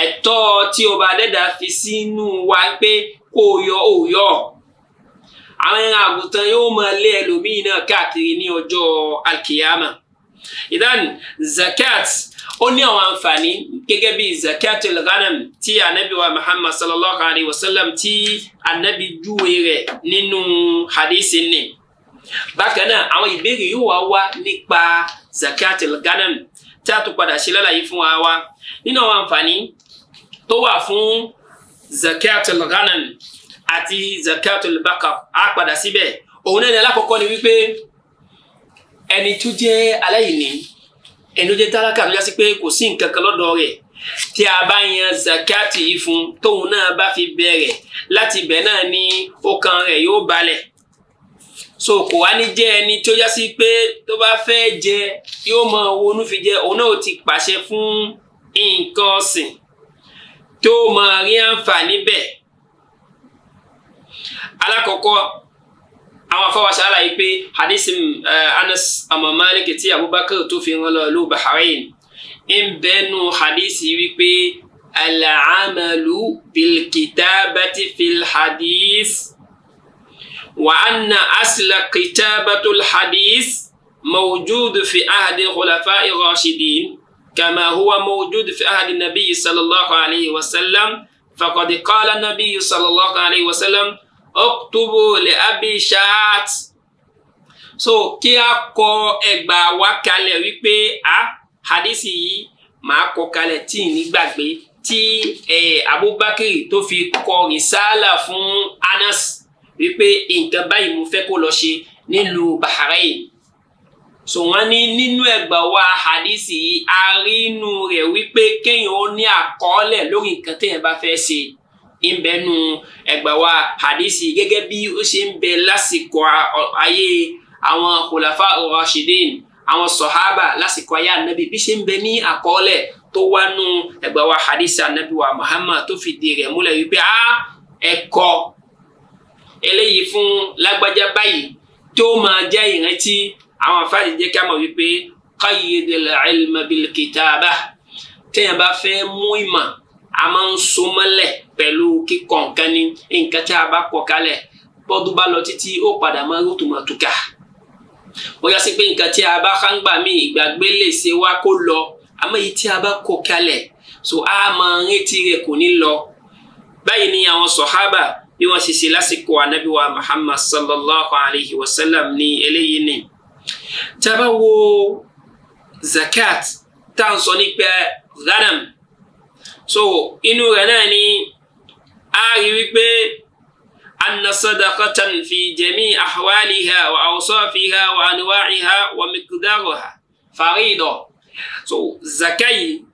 ẹ̀tọ́ tí ọba dẹ́dà fi sínú wa pé kó yọ o yọ àwọn ẹran àgùntàn yóò máa lé ẹlòmínà káàkiri ní ọjọ́ alkiyama idan zakat ó ní àwọn àǹfààní gẹ́gẹ́ bí zakatul ghanam tí anabi wa muhammad sallallahu alayhi wa sallam tí anabi júwe rẹ̀ nínú hadisi ni bákan náà àwọn ìbéèrè yóò wá wá nípa zakatul ghanam tí a tún padà ṣe lálàyé fún wa wá nínú àwọn àǹfààní tó wà fún zakatul ghanam àti zakatul baqar á padà síbẹ̀ òun náà ní alákọ̀ọ́kọ́ ni wípé ẹni tó jẹ́ aláìní ẹni tó jẹ́ tálákà tó yá sí pé kò sí nǹkan kan lọ́dọ̀ rẹ̀ tí a bá yan zakati yìí fún tóun náà bá fi bẹ̀rẹ̀ láti ibẹ̀ náà ni ọkàn rẹ̀ yóò balẹ̀ so kò wá ní jẹ́ ẹni tí ó yá sí pé tó bá fẹ́ jẹ yóò mọ owó inú fi jẹ òun náà ti pàṣẹ fún nǹkan ọ̀sìn tó mọ rí àǹfààní bẹ́ẹ̀ alákọ̀ọ́kọ́ àwọn fa aṣáára yìí ipe hadith anas ọmọ malik tí abubakar tó fi hàn lọ ló bahrain in bẹnu hadith al amalu bil kitabati fil hadith wa anna asla kitabatu al hadith mawjud fi ahadi khulafa'i rashidin كما هو موجود في ahadi النبي صلى الله عليه وسلم فقد قال النبي صلى الله عليه وسلم oktubu le abi so kí a kọ ẹgbà wa kalẹ̀ wípé a hadisi yìí màá kọ kalẹ̀ tí ì ní gbàgbé tí abubakar tó fi kọ rìsáàlà fún anas wípé nǹkan báyìí mo fẹ́ kó lọ ṣe nílùú bahrain so wọ́n ní nínú ẹgbà wa hadisi yìí a rí inú rẹ̀ wípé kéèyàn ó ní àkọọ́lẹ̀ lórí nǹkan téèyàn bá fẹ́ ṣe ń bẹ nu ẹgbàá wa hadisi gẹ́gẹ́ bí ó ṣe ń bẹ lásìkò ayé àwọn khulafa rashidin àwọn sọ̀hábà lásìkò ayé ànábì bí ṣe ń bẹ ní àkọọ́lẹ̀ tó wá nu ẹgbàá wa hadisi ànábì wa Muhammad tó fìdí rẹ̀ múlẹ̀ wípé a ẹ̀kọ́ eléyìí fún lágbájá báyìí tó máa jẹ́ ìrántí àwọn afáàlì jẹ́ ká mọ̀ wípé qayyidil ilma bil kitabah téèyàn bá fẹ́ mú ìmọ̀ a máa ń so mọ́lẹ̀ pẹ̀lú kíkọ nǹkan ní nǹkan tí a bá kọ kalẹ̀ bọ́dún bá lọ títí ó padà máa ń rútùmọ̀ túkà ó yá sí pé nǹkan tí a bá kángbà mí ìgbàgbé lè ṣe wá kó lọ àmọ́ èyí tí a bá kọ kalẹ̀ so a máa retí rẹ̀ kò ní lọ báyìí ni àwọn sọ̀hábà bí wọ́n ṣe ṣe lásìkò ànábì muhammad sallallahu alayhi wa sallam ní eléyìí ni tá a bá wo zakat tá à ń sọ nípa ghanam so inú rẹ̀ náà ni a rí wípé anna sadaqatan fi jami ahwaliha wa awsafiha wa anwa'iha wa miqdaruha farida so zakayi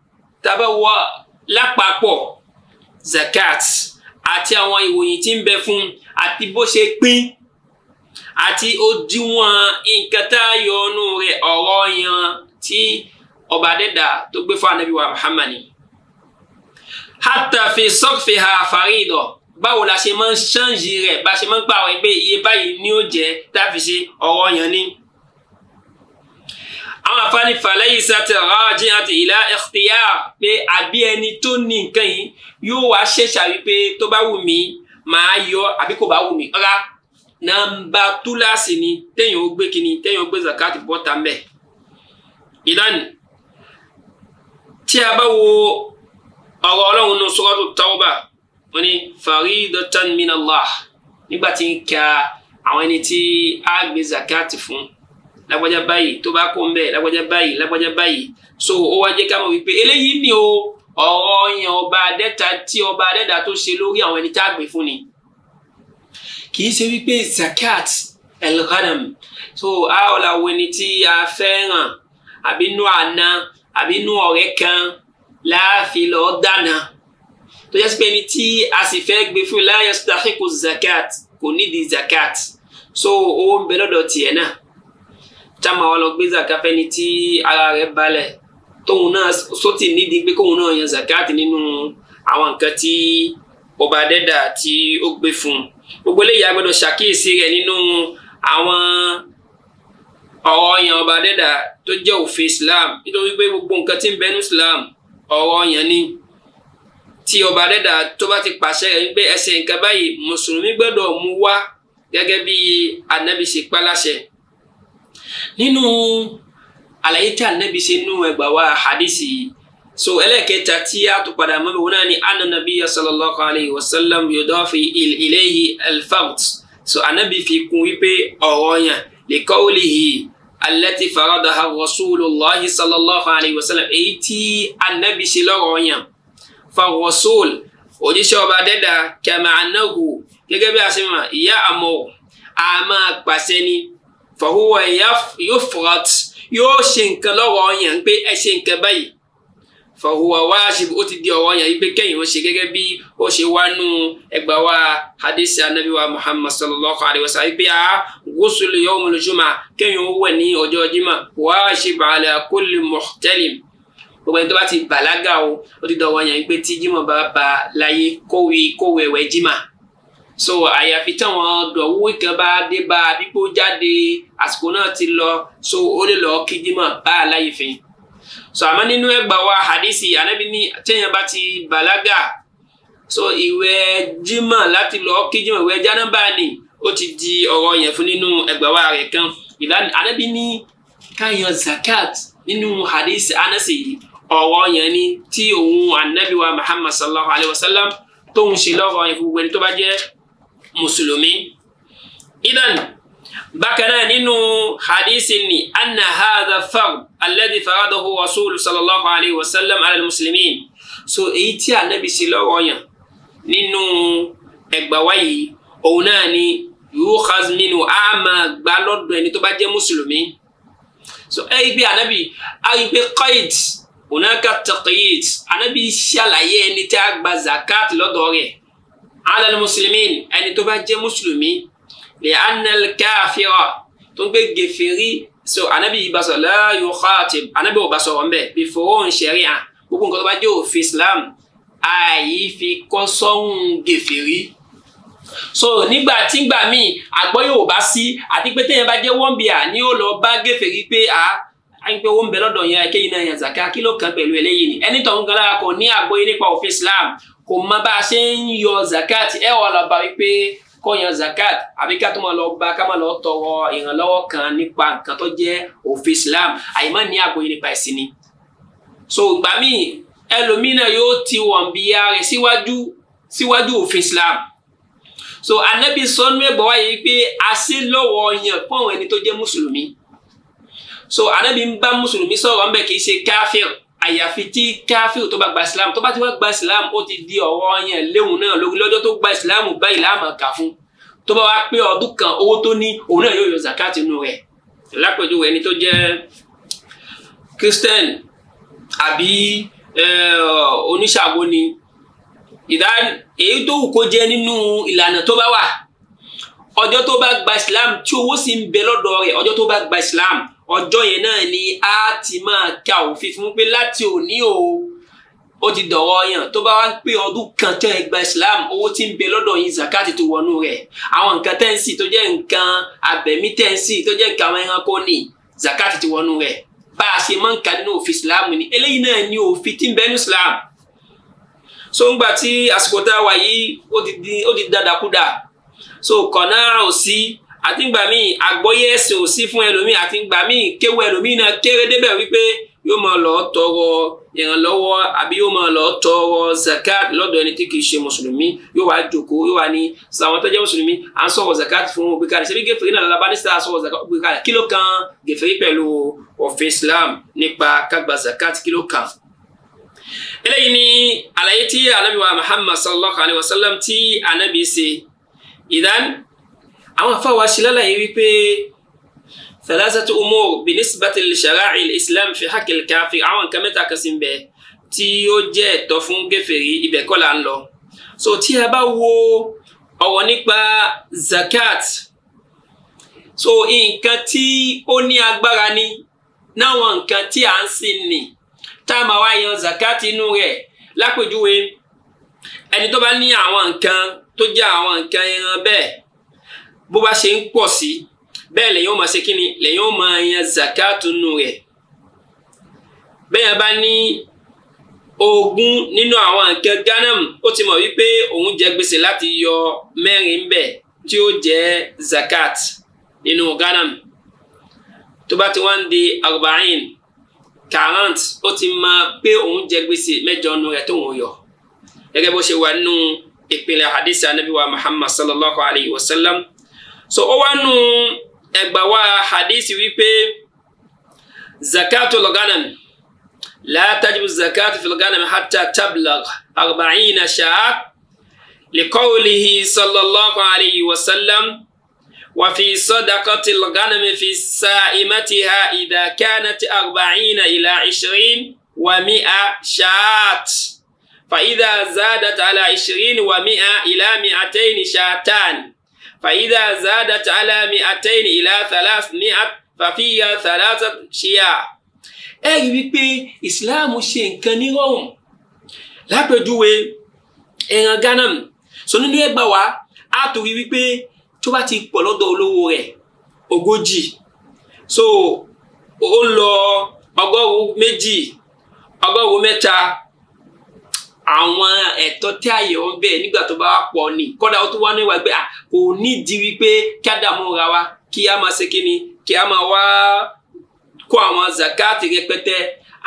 tàbá wà lápapọ̀ zakat àti àwọn ìròyìn tí ń bẹ fún àti bó ṣe pín àti òdiwọ̀n nǹkan tá a yọ ọnu rẹ̀ ọ̀rọ̀ yan tí ọba dẹ́dà tó gbé fún anabi muhammadu hatta fi saqfiha farida báwo la ṣe máa ń ṣáǹjì rẹ̀ bá ṣe máa ń gbà wọ́n pé iye báyìí ni ó jẹ́ táfi ṣe ọ̀rọ̀ yẹn ni. àwọn afáàní falaysat rajihat ila ikhtiyar pé àbí ẹni tó ní nǹkan yìí yóò wá ṣẹ̀ṣà wípé tó bá wù mí màá yọ àbí kò bá wù mí rárá nàmbà túláàsì ni téèyàn ó gbé kíni téèyàn ó gbé zakat bọ́ta mbẹ́. ìdánì tí a bá wo ọ̀rọ̀ ọlọ́run nù suratu Tawbah wọ́n ní faridatan minallah nígbà tí ń ka àwọn ẹni tí a gbé zakati fún lágbájá báyìí tó bá kó ń bẹ̀ lágbájá báyìí lágbájá báyìí so ó wá jẹ́ ká mọ̀ wípé eléyìí ni o ọ̀rọ̀ yẹn ọba adẹ́ta tí ọba adẹ́ta tó ṣe lórí àwọn ẹni tá a gbé fún ni kì í ṣe wípé zakat elhadam so a ò làwọn ẹni tí a fẹ́ràn àbínú àná àbínú ọ̀rẹ́ kan láàfin lọ dáná tó yẹ pé ẹni tí a sì fẹ́ gbé fún la yastahiqu zakat kò nídìí zakat so owó ń bẹ lọ́dọ̀ tiẹ̀ náà táwọn àwọn lọ gbé zakat fẹ́ni tí ara rẹ̀ balẹ̀ tóun náà sótì nídìí pé kóun náà yan zakat nínú àwọn nǹkan tí ọba adẹ́dà tí ó gbé fún un gbogbo eléyìí a gbọ́dọ̀ ṣàkíyèsí rẹ̀ nínú àwọn ọ̀rọ̀ yan ọba adẹ́dà tó jẹ́ òfin Islam nítorí pé gbogbo nǹkan tí ń bẹ Islam ọ̀rọ̀ yẹn ni tí ọba dẹ́dà tó bá ti pàṣẹ rẹ̀ pé ẹsẹ̀ nǹkan báyìí mùsùlùmí gbọ́dọ̀ mú wá gẹ́gẹ́ bí anabi ṣe paláṣẹ. nínú àlàyé tí anabi ṣe nú ẹgbà wa hadisi yìí so ẹlẹ́kẹta tí a tún padà mọ́ wọn náà ni ananabiya sallallahu alayhi wa sallam yudọ́fi ilayhi alfawt so anabi fi kún wípé ọ̀rọ̀ yẹn lè kọ́ ó lè yìí alẹ́tì farada ha rasulillahi sallallahu alayhi wa sallam èyí tí anabi ṣe lọ́rọ̀ yàn fa rasul òjíṣẹ́ ọba dẹ́dà kama anahu gẹ́gẹ́ bí a ṣe mọ̀ ìyá àmọ́ a máa pàṣẹ ni fahuwa yóò fọ́rat yóò ṣe nǹkan lọ́rọ̀ yàn pé ẹ ṣe nǹkan báyìí fọwọ́ wáṣíbù ó ti di ọ̀wọ́ yẹn wípé kẹ́yìn ó ṣe gẹ́gẹ́ bí ó ṣe wá nú ẹgbà wa hadisi anabi wa muhammad sallallahu alayhi wa sallam wípé a ghuslu yawmul jumu'ah kẹ́yìn ó wẹ̀ ní ọjọ́ jimá wáṣíbù ala kulli muhtalim gbogbo ẹni tó bá ti bàlágà o ó ti dọ̀wọ́ yẹn wípé tí jimá bá ba láyé kówì kówì ẹ̀wẹ̀ jimá so àyàfi táwọn dọ̀wọ́ kan bá dé bá bípò jáde àsìkò náà ti lọ so ó lè lọ kí jimá bá a láyé fẹ́yìn so àmọ́ nínú ẹgbà wa hadisi anabi ní téèyàn bá ti bàlágà so ìwẹ̀ jímọ̀ láti lọ kí jímọ̀ ìwẹ̀ jánábà ni ó ti di ọ̀rọ̀ yẹn fún nínú ẹgbà wa rẹ̀ kan ìlànà anabi ní káyọ̀ zakat nínú hadisi anasi yìí ọ̀rọ̀ yẹn ni tí òun anabi wa muhammad sallallahu alayhi wa sallam tóun ṣe lọ́rọ̀ yẹn fún gbogbo tó bá jẹ́ mùsùlùmí. idan bákan náà nínú hadisi ni anna hadha fard alladhi faradahu rasul sallallahu alayhi wa sallam ala muslimin so èyí tí anabi sì lọ́rọ̀ yàn nínú ẹgbàá yìí òun náà ni yukhaz minhu a máa lọ́dọ̀ ẹni tó bá jẹ́ mùsùlùmí so ẹyí bí anabi ayi pé qaid onaka taqiyid anabi ṣàlàyé ẹni tí a gba zakat lọ́dọ̀ rẹ̀ alal muslimin ẹni tó bá jẹ́ mùsùlùmí le anel káfíọ́ tó ń gbé gèfèrí so anabi yìí bá sọ láàyò xaatib anabi ò bá sọ̀rọ̀ mbẹ́ bí fòun ṣẹ̀rí à gbogbo nǹkan tó bá jẹ́ òfin islam àyè fi kọ́ sọ́hun gèfèrí so nígbà tígbà míì àgbọ́ yóò bá sí àti pé téèyàn bá jẹ́ wọ́nbíà ni yóò lọ bá gèfèrí pé a àyìnpé owó ń bẹ lọ́dọ̀ yẹn kéyìn náà yẹn zaka kí ló kan pẹ̀lú eléyìí ni ẹni tó ń gan lára kò ní àgbọ́yé nípa òfin islam kò mọ bá a ṣe ń yọ zakat ẹ wà lọ kó yan zakat àbí ká tó máa lọ bá ká máa lọ tọrọ ìrànlọ́wọ́ kan nípa nǹkan tó jẹ́ òfin islam àyèmọ́ ní àgbọ́yé nípa ẹ̀sìn ni. so ìgbà míì ẹlòmínà yóò ti wọ̀n bí i ara síwájú síwájú òfin islam so anabi sọnù ẹgbọ wáyé pé àṣẹ lọ́wọ́ yan fún àwọn ẹni tó jẹ́ mùsùlùmí so anabi ń bá mùsùlùmí sọ̀rọ̀ ń kì í ṣe káfíìn àyàfi tí káfíù tó bá gba islam tó bá ti wá gba islam ó ti di ọ̀rọ̀ yẹn léwu náà lórí lọ́jọ́ tó gba islam báyìí láàmà kà fún tó bá wá pé ọdún kan owó tó ní òun náà yóò yọ zakat inú rẹ̀ lápẹjùwẹ̀ ẹni tó jẹ́ christian àbí oníṣàgbọ́ ni ìdá èyí tó wù kó jẹ́ nínú ìlànà tó bá wà ọjọ́ tó bá gba islam tí owó sì ń bẹ lọ́dọ̀ rẹ̀ ọjọ́ tó bá gba islam ọjọ́ yẹn náà ni a ti máa ka òfin fún pé láti òní o ó ti dọ̀rọ̀ yàn tó bá wá pé ọdún kan tẹ́ ẹ gba Islam owó tí ń bẹ lọ́dọ̀ yín zakati tó wọnú rẹ̀ àwọn nǹkan tẹ́ ń sì tó jẹ́ nǹkan abẹ̀mí tẹ́ ń sì tó jẹ́ nǹkan àwọn ẹranko ni zakati tó wọnú rẹ̀ bá a ṣe máa ń ka nínú òfin Islam ni eléyìí náà ni òfin tí ń bẹ ní Islam so ń gbà tí àsìkò tá a wà yìí ó ti di ó ti dàdàkúdà so kọ̀ọ̀nà ò sí. Si, àti gbà míì àgbọ́yé ẹ̀sìn ò sí fún ẹlòmíì àti gbà míì kéwọ́ ẹlòmíì náà kéré débẹ̀ wípé yóò máa lọ tọrọ ìrànlọ́wọ́ àbí yóò máa lọ tọrọ zakat lọ́dọ̀ ẹni tí kìí ṣe mùsùlùmí yóò wá jókòó yóò wá ní sàwọn tó jẹ́ mùsùlùmí à ń sọ̀rọ̀ zakat fún òbí kalẹ̀ ṣebí gẹ̀fẹ̀rí náà lábá ní sọ̀rọ̀ zakat òbí kalẹ̀ kí ló kan gẹ̀fẹ̀rí pẹ̀lú òfin Islam nípa kágbà zakat kí ló kan. eléyìí ni àlàyé tí anabi wa Muhammad sallallahu alayhi wa sallam tí anabi ṣe ìdán àwọn afáwa ṣe lálàyé wípé thalathatu umur binisbati li shara'i islam fi hakil kafir àwọn nǹkan mẹ́ta kan sí ń bẹ tí ó jẹ́ ẹ̀tọ́ fún gẹ̀fẹ̀rí ibẹ̀ kọ́ ń lọ so tí a bá wo ọ̀rọ̀ nípa zakat so nǹkan tí ó ní agbára ni náwọn nǹkan tí à ń sìn ni tá a máa wá yan zakat inú rẹ̀ lápèjúwe ẹni tó bá ní àwọn nǹkan tó jẹ́ àwọn nǹkan ẹran bẹ́ẹ̀ bó bá ṣe ń pọ̀ sí bẹ́ẹ̀ lẹ́yìn ó máa ṣe kíni lẹ́yìn ó máa yan zakatu nù rẹ̀ bẹ́ẹ̀ bá ní ogún nínú àwọn nǹkan gánàmù ó ti mọ̀ wípé òun jẹ gbèsè láti yọ mẹ́rin ń bẹ̀ tí ó jẹ́ zakat nínú gánàmù tó bá ti wá ń di arbain quarante ó ti mọ̀ pé òun jẹ gbèsè mẹ́jọ nù rẹ̀ tó ń yọ gẹ́gẹ́ bó ṣe wà nínú ìpìlẹ̀ hadith anabiwa muhammad sallallahu alayhi wa sallam so ó wá nu ẹgbà wa hadisi wípé zakatul ghanam la tajibu zakatu fil ghanam hatta tablagh arba'ina sha'a liqawlihi sallallahu alayhi wa sallam wa fi sadaqatil ghanam fi sa'imatiha idha kanat arba'ina ila ishrin wa mi'a sha'at. فإذا زادت على عشرين ومئة إلى مئتين شاتان فإذا زادت على مئتين إلى ثلاث مئة ففيها ثلاثة thalas ṣíà. ẹ rí wípé ìsìláàmù ṣe nǹkan nírọ̀rùn lápẹjúwe ẹran ghana nù so nínú ẹgbà wa a tó rí wípé tó bá ti pọ̀ lọ́dọ̀ olówó rẹ̀ ogójì so ó lọ ọgọ́rùn-ún méjì ọgọ́rùn-ún àwọn ẹ̀tọ́ tí àyè wọn bẹ̀ nígbà tó bá wà pọ̀ ni kọ́dà ó tún wá níwà pé kò nídìí wípé kí á dààmú ra wa kí á máa ṣe kí ni kí á máa wá kó àwọn zakati rẹpẹtẹ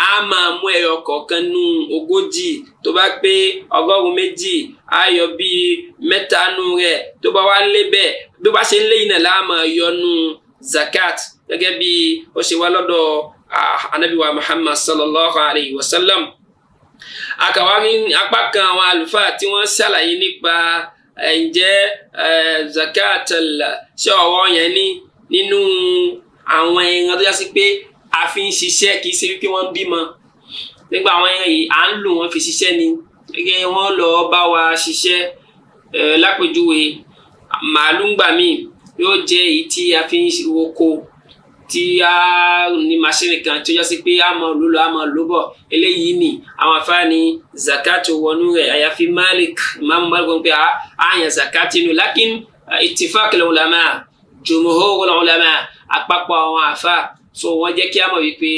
a máa mú ẹyọ kọ̀ọ̀kan nu ogójì tó bá pé ọgọ́rùn-ún méjì a yọ bíi mẹ́ta nu rẹ̀ tó bá wá lé bẹ́ẹ̀ bí ó bá ṣe ń lé iná la máa yọ nu zakat gẹ́gẹ́ bí ó ṣe wá lọ́dọ̀ anabiwa Muhammad sallallahu alayhi wa sallam akàwárí apá kan àwọn àlùfáà tí wọ́n ṣàlàyé nípa ǹjẹ́ zakat ṣé ọ̀rọ̀ yẹn ní nínú àwọn ẹran tó yásí pé a fi ń ṣiṣẹ́ kì í ṣe wípé wọ́n ń bímọ nígbà àwọn ẹran yìí à ń lò wọ́n fi ṣiṣẹ́ ni gẹ́gẹ́ wọ́n lọ bá wa ṣiṣẹ́ lápèjúwe màálù ń gbà míì yóò jẹ́ èyí tí a fi ń roko tí a ní masini kan tí ó yọ sí pé a mọ ló a mọ ló eléyìí ni àwọn afáàní zakatu wọnú rẹ àyàfi malik imaamu malik wọn pé a yàn zakati nù lakin eh, itifak ulama jumhur ulama àpapọ̀ àwọn afa so wọ́n jẹ́ kí a mọ̀ wípé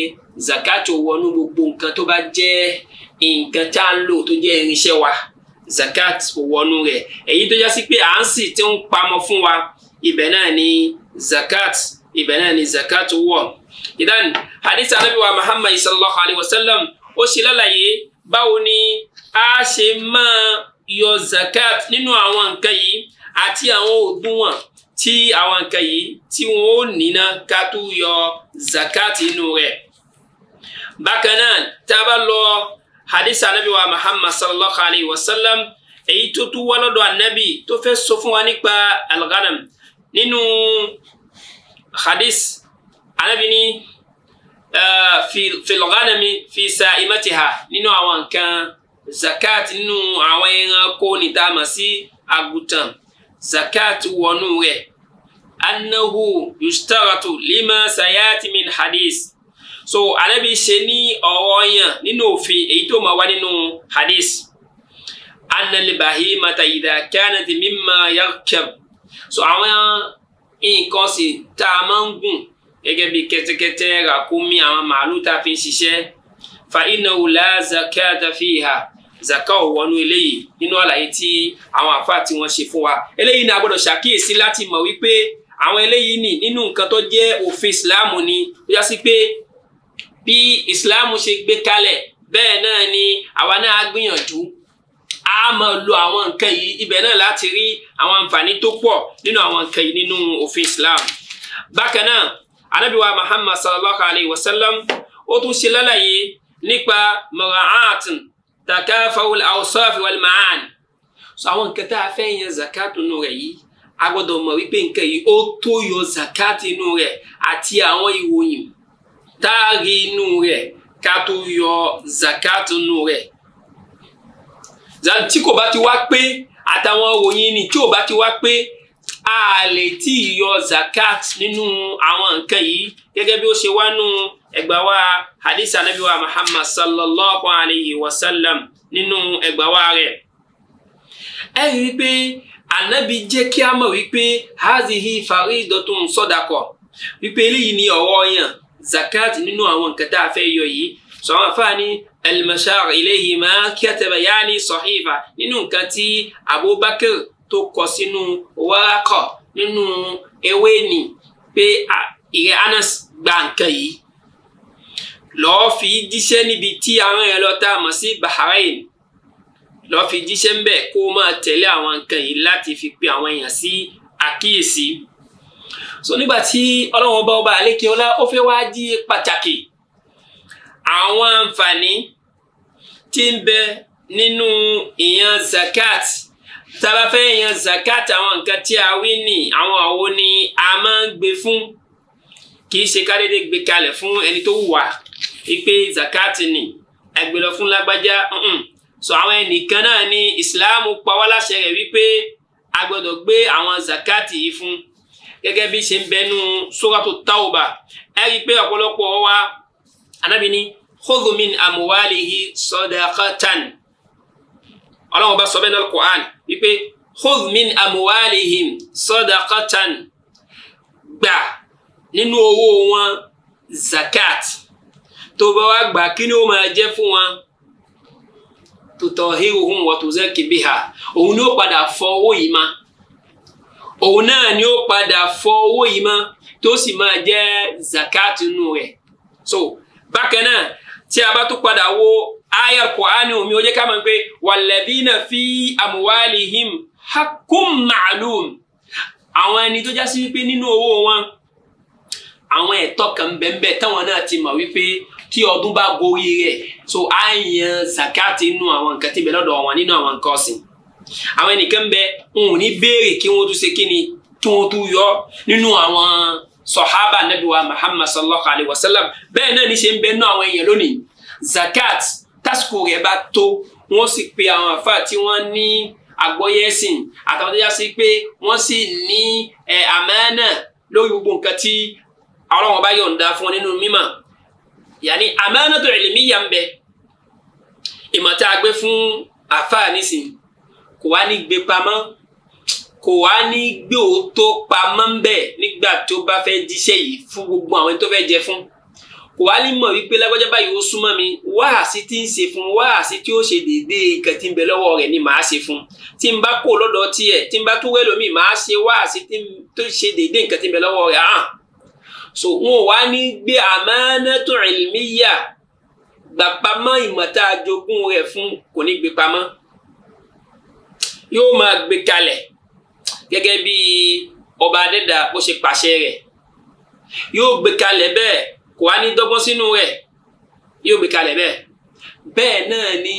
zakatu wọnú gbogbo nǹkan tó bá jẹ́ nǹkan tá a ń lò tó jẹ́ irinṣẹ́ wa zakat wọnú rẹ̀ èyí tó já sí pé à ń sì ti ń pamọ́ fún wa ibẹ̀ náà ni zakat ibẹ̀ náà ni zakat wọ̀ ìdán hadith anabi wa muhammad sallallahu alayhi wa sallam ó ṣe lálàyé báwo ni a ṣe máa yọ zakat nínú àwọn nǹkan yìí àti àwọn òdiwọ̀n tí àwọn nǹkan yìí tí wọn ó níná ká tó yọ zakat inú rẹ̀ bákan náà tá a bá lọ hadith anabi muhammad sallallahu alayhi wa sallam èyí tó tún wá lọ́dọ̀ anabi tó fẹ́ sọ fún wa nípa alghanam nínú hadis anabi ni eh, filghanami fi sa'imatiha nínú àwọn nǹkan zakat nínú àwọn ẹranko níta mọ̀ sí àgùntàn zakat wọnú rẹ̀ annahu yushtaratu lima sayati min hadis so anabi ṣe ní ọ̀rọ̀ yàn nínú òfin èyí tó máa wá nínú hadis anna al bahimata idha kanat mimma yarkab so àwọn nǹkan sì tá a máa ń gùn gẹ́gẹ́ bí kẹ́tẹ́kẹ́tẹ́ ràkúnmí àwọn màálù tá a fi ń ṣiṣẹ́ fa innahu la zakata fiha zaka ò wọnú eléyìí nínú àlàyé tí àwọn àfa tí wọ́n ṣe fún wa eléyìí ni a gbọ́dọ̀ ṣàkíyèsí láti mọ̀ wípé àwọn eléyìí nì nínú nǹkan tó jẹ́ òfin ìsìláàmù ni ó yá sí pé bí ìsìláàmù ṣe gbé kalẹ̀ bẹ́ẹ̀ náà ni àwa náà gbìyànjú a máa lo àwọn nǹkan yìí ibẹ̀ náà láti rí àwọn àǹfààní tó pọ̀ nínú àwọn nǹkan yìí nínú òfin Islam bákan náà anábìwá Muhammad sallallahu alayhi wa sallam ó tún ṣe lálàyé nípa mura'atun takafawul awsaf wal ma'an so àwọn nǹkan tá a fẹ́ yan zakat nù rẹ̀ yìí a gbọ́dọ̀ mọ̀ wípé nǹkan yìí ó tó yọ zakat inú rẹ̀ àti àwọn ìwòyìn tá a rí inú rẹ̀ ká tó yọ zakat inú rẹ̀ tí kò bá ti wá pé àtàwọn òyìn ni tí ò bá ti wá pé a lè tí ì yọ zakat nínú àwọn nǹkan yìí gẹ́gẹ́ bí ó ṣe wá nù ẹgbà wa hadith anabi muhammad sallallahu alayhi wa sallam nínú ẹgbà wa rẹ̀ ẹ rí i pé anabi jẹ́ kí a mọ̀ wípé hazihi faridotun sọ́dakọ̀ wípé eléyìí ni ọ̀rọ̀ yàn zakat nínú àwọn nǹkan tá a fẹ́ yọ yìí sọ̀rọ̀ àfáà al-mashār ilayhimā kataba ya'ni sahifa nínú nǹkan tí Abubakar tó kọ sínú wákọ̀ nínú ewé ni pé ìrẹ́ Anas gba nǹkan yìí lọ́ọ́ fi jíṣẹ́ níbi tí àwọn ẹ̀ lọ mọ̀ sí Bahrain lọ́ọ́ fi jíṣẹ́ ń bẹ̀ kó máa tẹ̀lé àwọn nǹkan yìí láti fi pe àwọn èèyàn sí àkíyèsí so nígbà tí ọlọ́wọ́n bá ọba àlékè ọlá ó fẹ́ wá jí pàtàkì àwọn àǹfààní tí ń bẹ nínú ìyan zakat tá a zakat àwọn nǹkan tí a wí ní àwọn àwo ni a máa ń gbé fún kì í ṣe kádédé gbé kalẹ̀ fún ẹni tó wà wípé zakat ni ẹgbẹ̀lọ fún lágbájá sọ àwọn ẹnìkan náà ni ìsìláàmù pa wá láṣẹ rẹ̀ wípé a gbọ́dọ̀ gbé àwọn zakat yìí fún gẹ́gẹ́ bí ṣe ń bẹnu sóràtò Tawba ẹ rí i pé ọ̀pọ̀lọpọ̀ wa anábìíní khudhu min amuwalihi sadaqatan ọlọ́run bá sọ bẹ́ẹ̀ náà Qur'an wípé khudhu min amuwalihim sadaqatan gbà nínú owó wọn zakat tó bá wá gbà kí ni ó máa jẹ́ fún wọn tutahiruhum wa tuzakki biha òun ni ó padà fọ owó yìí ma òun náà ni ó padà fọ owó yìí ma tó sì máa jẹ́ zakat nù rẹ̀ so bákan náà tí a bá tún padà wo ayar Qur'ani omi ó jẹ́ ká mọ̀ pé walladhina fi amwalihim haqqun ma'lum àwọn ẹni tó já sí wípé nínú owó wọn àwọn ẹ̀tọ́ kan bẹ́ẹ̀ táwọn náà ti mọ̀ wípé tí ọdún bá gorí rẹ̀ so á yan zakati nínú àwọn nǹkan tí bẹ̀ lọ́dọ̀ wọn nínú àwọn nǹkan ọ̀sìn àwọn ẹnìkan bẹ ń ní béèrè kí wọ́n tún ṣe kí ni kí wọ́n tún yọ nínú àwọn sọ̀hábà nabi wa muhammad sallallahu alaihi wa sallam bẹ́ẹ̀ náà ní ṣe ń bẹ nú àwọn èèyàn lónìí zakat tásìkò rẹ̀ bá tó wọ́n sì pe àwọn àfáà tí wọ́n ní àgbọ́yé ẹ̀sìn àtàwọn tó yá sí pé wọ́n sì ní ẹ̀ àmánà lórí gbogbo nǹkan tí Ọlọ́run bá yọ̀ǹda fún nínú mímọ̀ yàní àmánà tó rẹ̀ lè mí yà ń bẹ ìmọ̀ gbé fún àfáà nísìn kò wá ní gbé pamọ́ kò wá ní gbé òótọ́ pamọ́ ń bẹ̀ nígbà tó bá fẹ́ jíṣẹ́ yìí fún gbogbo àwọn tó fẹ́ jẹ fún kò wá ní mọ̀ wípé lágbájá báyìí ó súnmọ́ mi wáàsí tí ń ṣe fún wáàsí tí ó ṣe déédéé nǹkan tí ń bẹ lọ́wọ́ rẹ̀ ni màá ṣe fún tí n bá kó lọ́dọ̀ tiẹ̀ tí n bá tó wẹ́lò mi màá ṣe wáàsí tó ṣe déédéé nǹkan tí ń bẹ lọ́wọ́ rẹ̀ hàn so wọn ò wá ní gbé àmánátù ìlmíyà gbà pamọ́ ìmọ̀ta àjogún rẹ̀ fún kò ní gbé pamọ́ yóò máa gbé kalẹ̀ gẹ́gẹ́ bí ọba adẹ́dà bó ṣe pàṣẹ rẹ̀ yóò gbé kalẹ̀ bẹ́ẹ̀ kò wá ní dọ́gbọ́n sínú rẹ̀ yóò gbé kalẹ̀ bẹ́ẹ̀ bẹ́ẹ̀ náà ni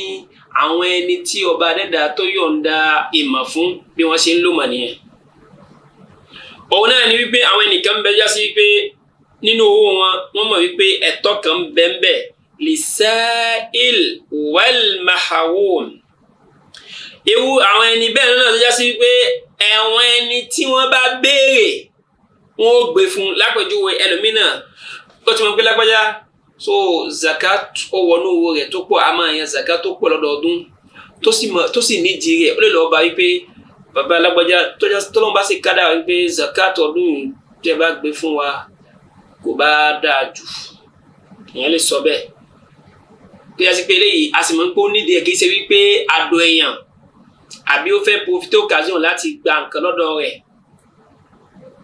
àwọn ẹni tí ọba adẹ́dà tó yọ̀ǹda ìmọ̀ fún bí wọ́n ṣe ń lò mọ̀ nìyẹn òun náà ni wípé àwọn ẹnìkan ń bẹ já sí wípé nínú owó wọn wọ́n mọ̀ wípé ẹ̀tọ́ kan bẹ́ẹ̀ bẹ́ẹ̀ lisa'il wal mahawun. Well ewu àwọn ẹni bẹ́ẹ̀ náà ló já sí pé ẹ̀wọ̀n ẹni tí wọ́n bá béèrè wọn ò gbé fún lápèjúwe ẹlòmínà ó ti mọ pé lápẹ́já so zaka ó wọnú owó rẹ̀ tó pọ̀ a máa yan zaka tó pọ̀ lọ́dọọdún tó sì nídìí rẹ̀ ó lè lọ́ọ́ bá wípé bàbá alágbájá tọ́já tọ́lọ́n bá sì kádà wípé zaka tọdún tẹ́ bá gbé fún wa kò bá dáa jù ìyẹn lè sọ bẹ́ẹ̀ pé a sì pé eléyìí a sì mọ̀ pé ó nídìí ẹ̀ kì í ṣe wípé àdó ẹ̀yàn àbí ó fẹ́ profiter occasion láti gba nǹkan lọ́dọ̀ rẹ̀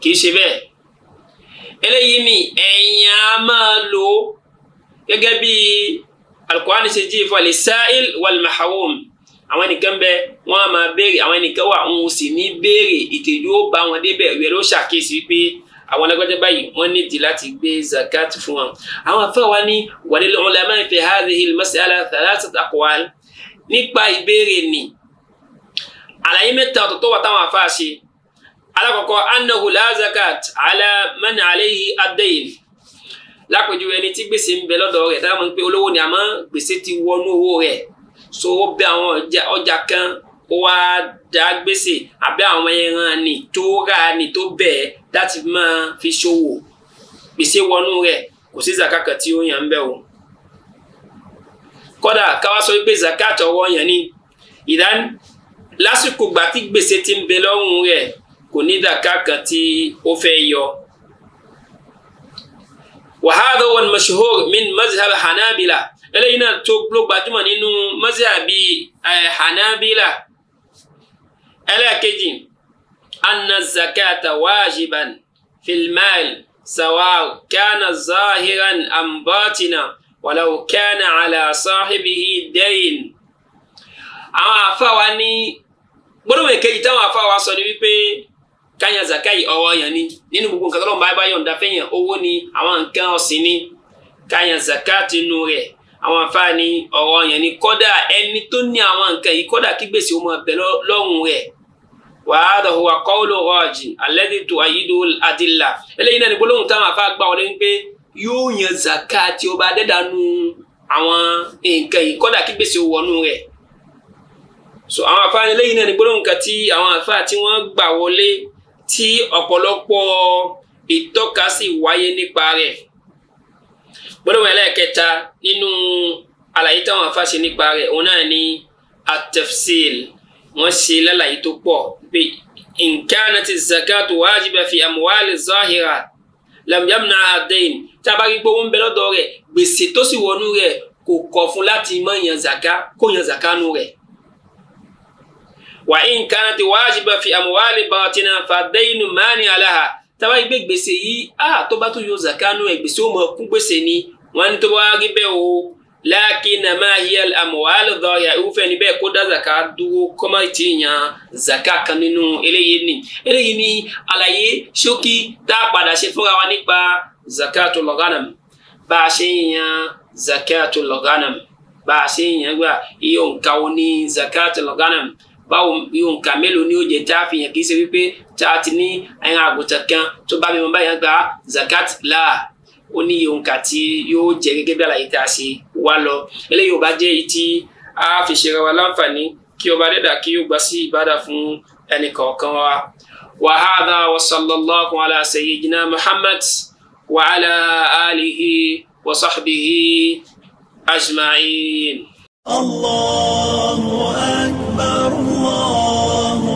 kì í ṣe bẹ́ẹ̀ eléyìí ni ẹ̀yìn a máa lò gẹ́gẹ́ bí alukur'an ṣe jí ìfọ̀ lisail wal mahrum àwọn ẹnìkan bẹ wọn a máa béèrè àwọn ẹnìkan wà wọn ò sì ní béèrè ìtẹ̀jú ó bá wọn débẹ̀ ìwé ló ṣàkíyèsí pé àwọn alágbájá báyìí wọn nídìí láti gbé zakat fún wọn. àwọn afẹ́ ní walil ulama fi hadhihi al mas'ala thalathat nípa ìbéèrè nìí àlàyé mẹ́ta ọ̀tọ̀tọ̀ wà táwọn afá ṣe alákọ̀ọ́kọ́ annahu la zakat ala man alayhi ad-dayn lápèjúwe ẹni tí gbèsè ń bẹ lọ́dọ̀ rẹ̀ dáhùn pé olówó ni àmọ́ gbèsè ti wọnú owó rẹ̀ so ó bẹ àwọn ọjà kan ó wá dá gbèsè àbí àwọn ẹran ni tó rà ni tó bẹ̀ láti máa fi ṣòwò gbèsè wọnú rẹ̀ kò sí zakaka tí ó yàn ń bẹ̀ o kódà káwá sọ pé zakat ọwọ́ yẹn ni ìdán lásìkò gbà tí gbèsè ti ń bẹ lọ́rùn rẹ̀ kò ní dàka kan tí ó fẹ́ yọ. wàhálà wọn mashhur min mazhab hanabila eléyìí náà tó ló gbajúmọ̀ nínú mazhabi eh, hanabila ẹlẹ́ẹ̀kejì anna zakata wajiban filmal sawaw kana zahiran am walau kana ala sahibihi dayn àwọn àfáwa ní gbólóhùn èkejì táwọn àfáwa sọ ni wípé káyàn zakai ọwọ́ yẹn ni nínú gbogbo nǹkan tọ́lọ́mù báyìí báyìí ọ̀dà fẹ́yàn owó ni àwọn nǹkan ọ̀sìn ni káyàn zakati nu rẹ̀ àwọn àfáàní ọ̀rọ̀ yẹn ni kọ́dà ẹni tó ní àwọn nǹkan yìí kọ́dà kí gbèsè ọmọ ẹ̀bẹ̀ lọ́rùn rẹ̀ wàá dọ̀hùn wa qawlu rajin alladhi tu'ayyidu adilla eléyìí náà ní gbólóhùn táwọn àfáà gbà wọlé wípé yóò yan zakati ọba adẹ́dànù àwọn nǹkan yìí kọ́dà kí gbèsè wọnú rẹ̀ so àwọn àfa eléyìí náà ní gbólóhùn kan tí àwọn àfa tí wọ́n gbà wọlé tí ọ̀pọ̀lọpọ̀ ìtọ́ka sì wáyé nípa rẹ̀ gbólóhùn ẹlẹ́ẹ̀kẹta nínú àlàyé táwọn àfa ṣe nípa rẹ̀ òun náà ní atefsil wọ́n ṣe lálàyé tó pọ̀ pé in kanati zakatu wajiba fi amuwali zahira lam adain tá a bá rí gbówó ń bẹ lọ́dọ̀ rẹ̀ gbèsè tó sì wọnú rẹ̀ kò kọ̀ fún láti má yan kó yan nu rẹ̀ wà in kanat wajiba fi amwali batina fadainu mani alaha táwa gbé gbèsè yìí a tó bá tún yọ zakanu ẹ gbèsè ó mọ kún gbèsè ni wọn ní tó bá wá rí bẹ́ẹ̀ o lakin ma hiya amwal dọya irúfẹ́ níbẹ̀ kó dá zaka dúró kọ́má ti yan zaka kan nínú eléyìí ni eléyìí ni àlàyé ṣókí tá a padà ṣe wa nípa zakatul ghanam bá a yan zakatul ghanam bá a yan gbà iye òǹkà wo zakatul ghanam báwo ihun nǹkan mélòó ni ó jẹ tá a fi yàn kì í ṣe wípé tá a ti ní ẹran àgùntàn kan tó bá mi mọ báyìí gba zakat la ó ní ihun nǹkan tí yóò jẹ gẹ́gẹ́ bí àlàyé tá a ṣe wá lọ eléyìí ò bá jẹ́ èyí tí a fi ṣe ra wa láǹfààní kí ọba dẹ́dà kí ó gbà sí ìbádà fún ẹnì kọ̀ọ̀kan wa. وهذا وصلى الله على سيدنا محمد وعلى آله وصحبه أجمعين الله أكبر الله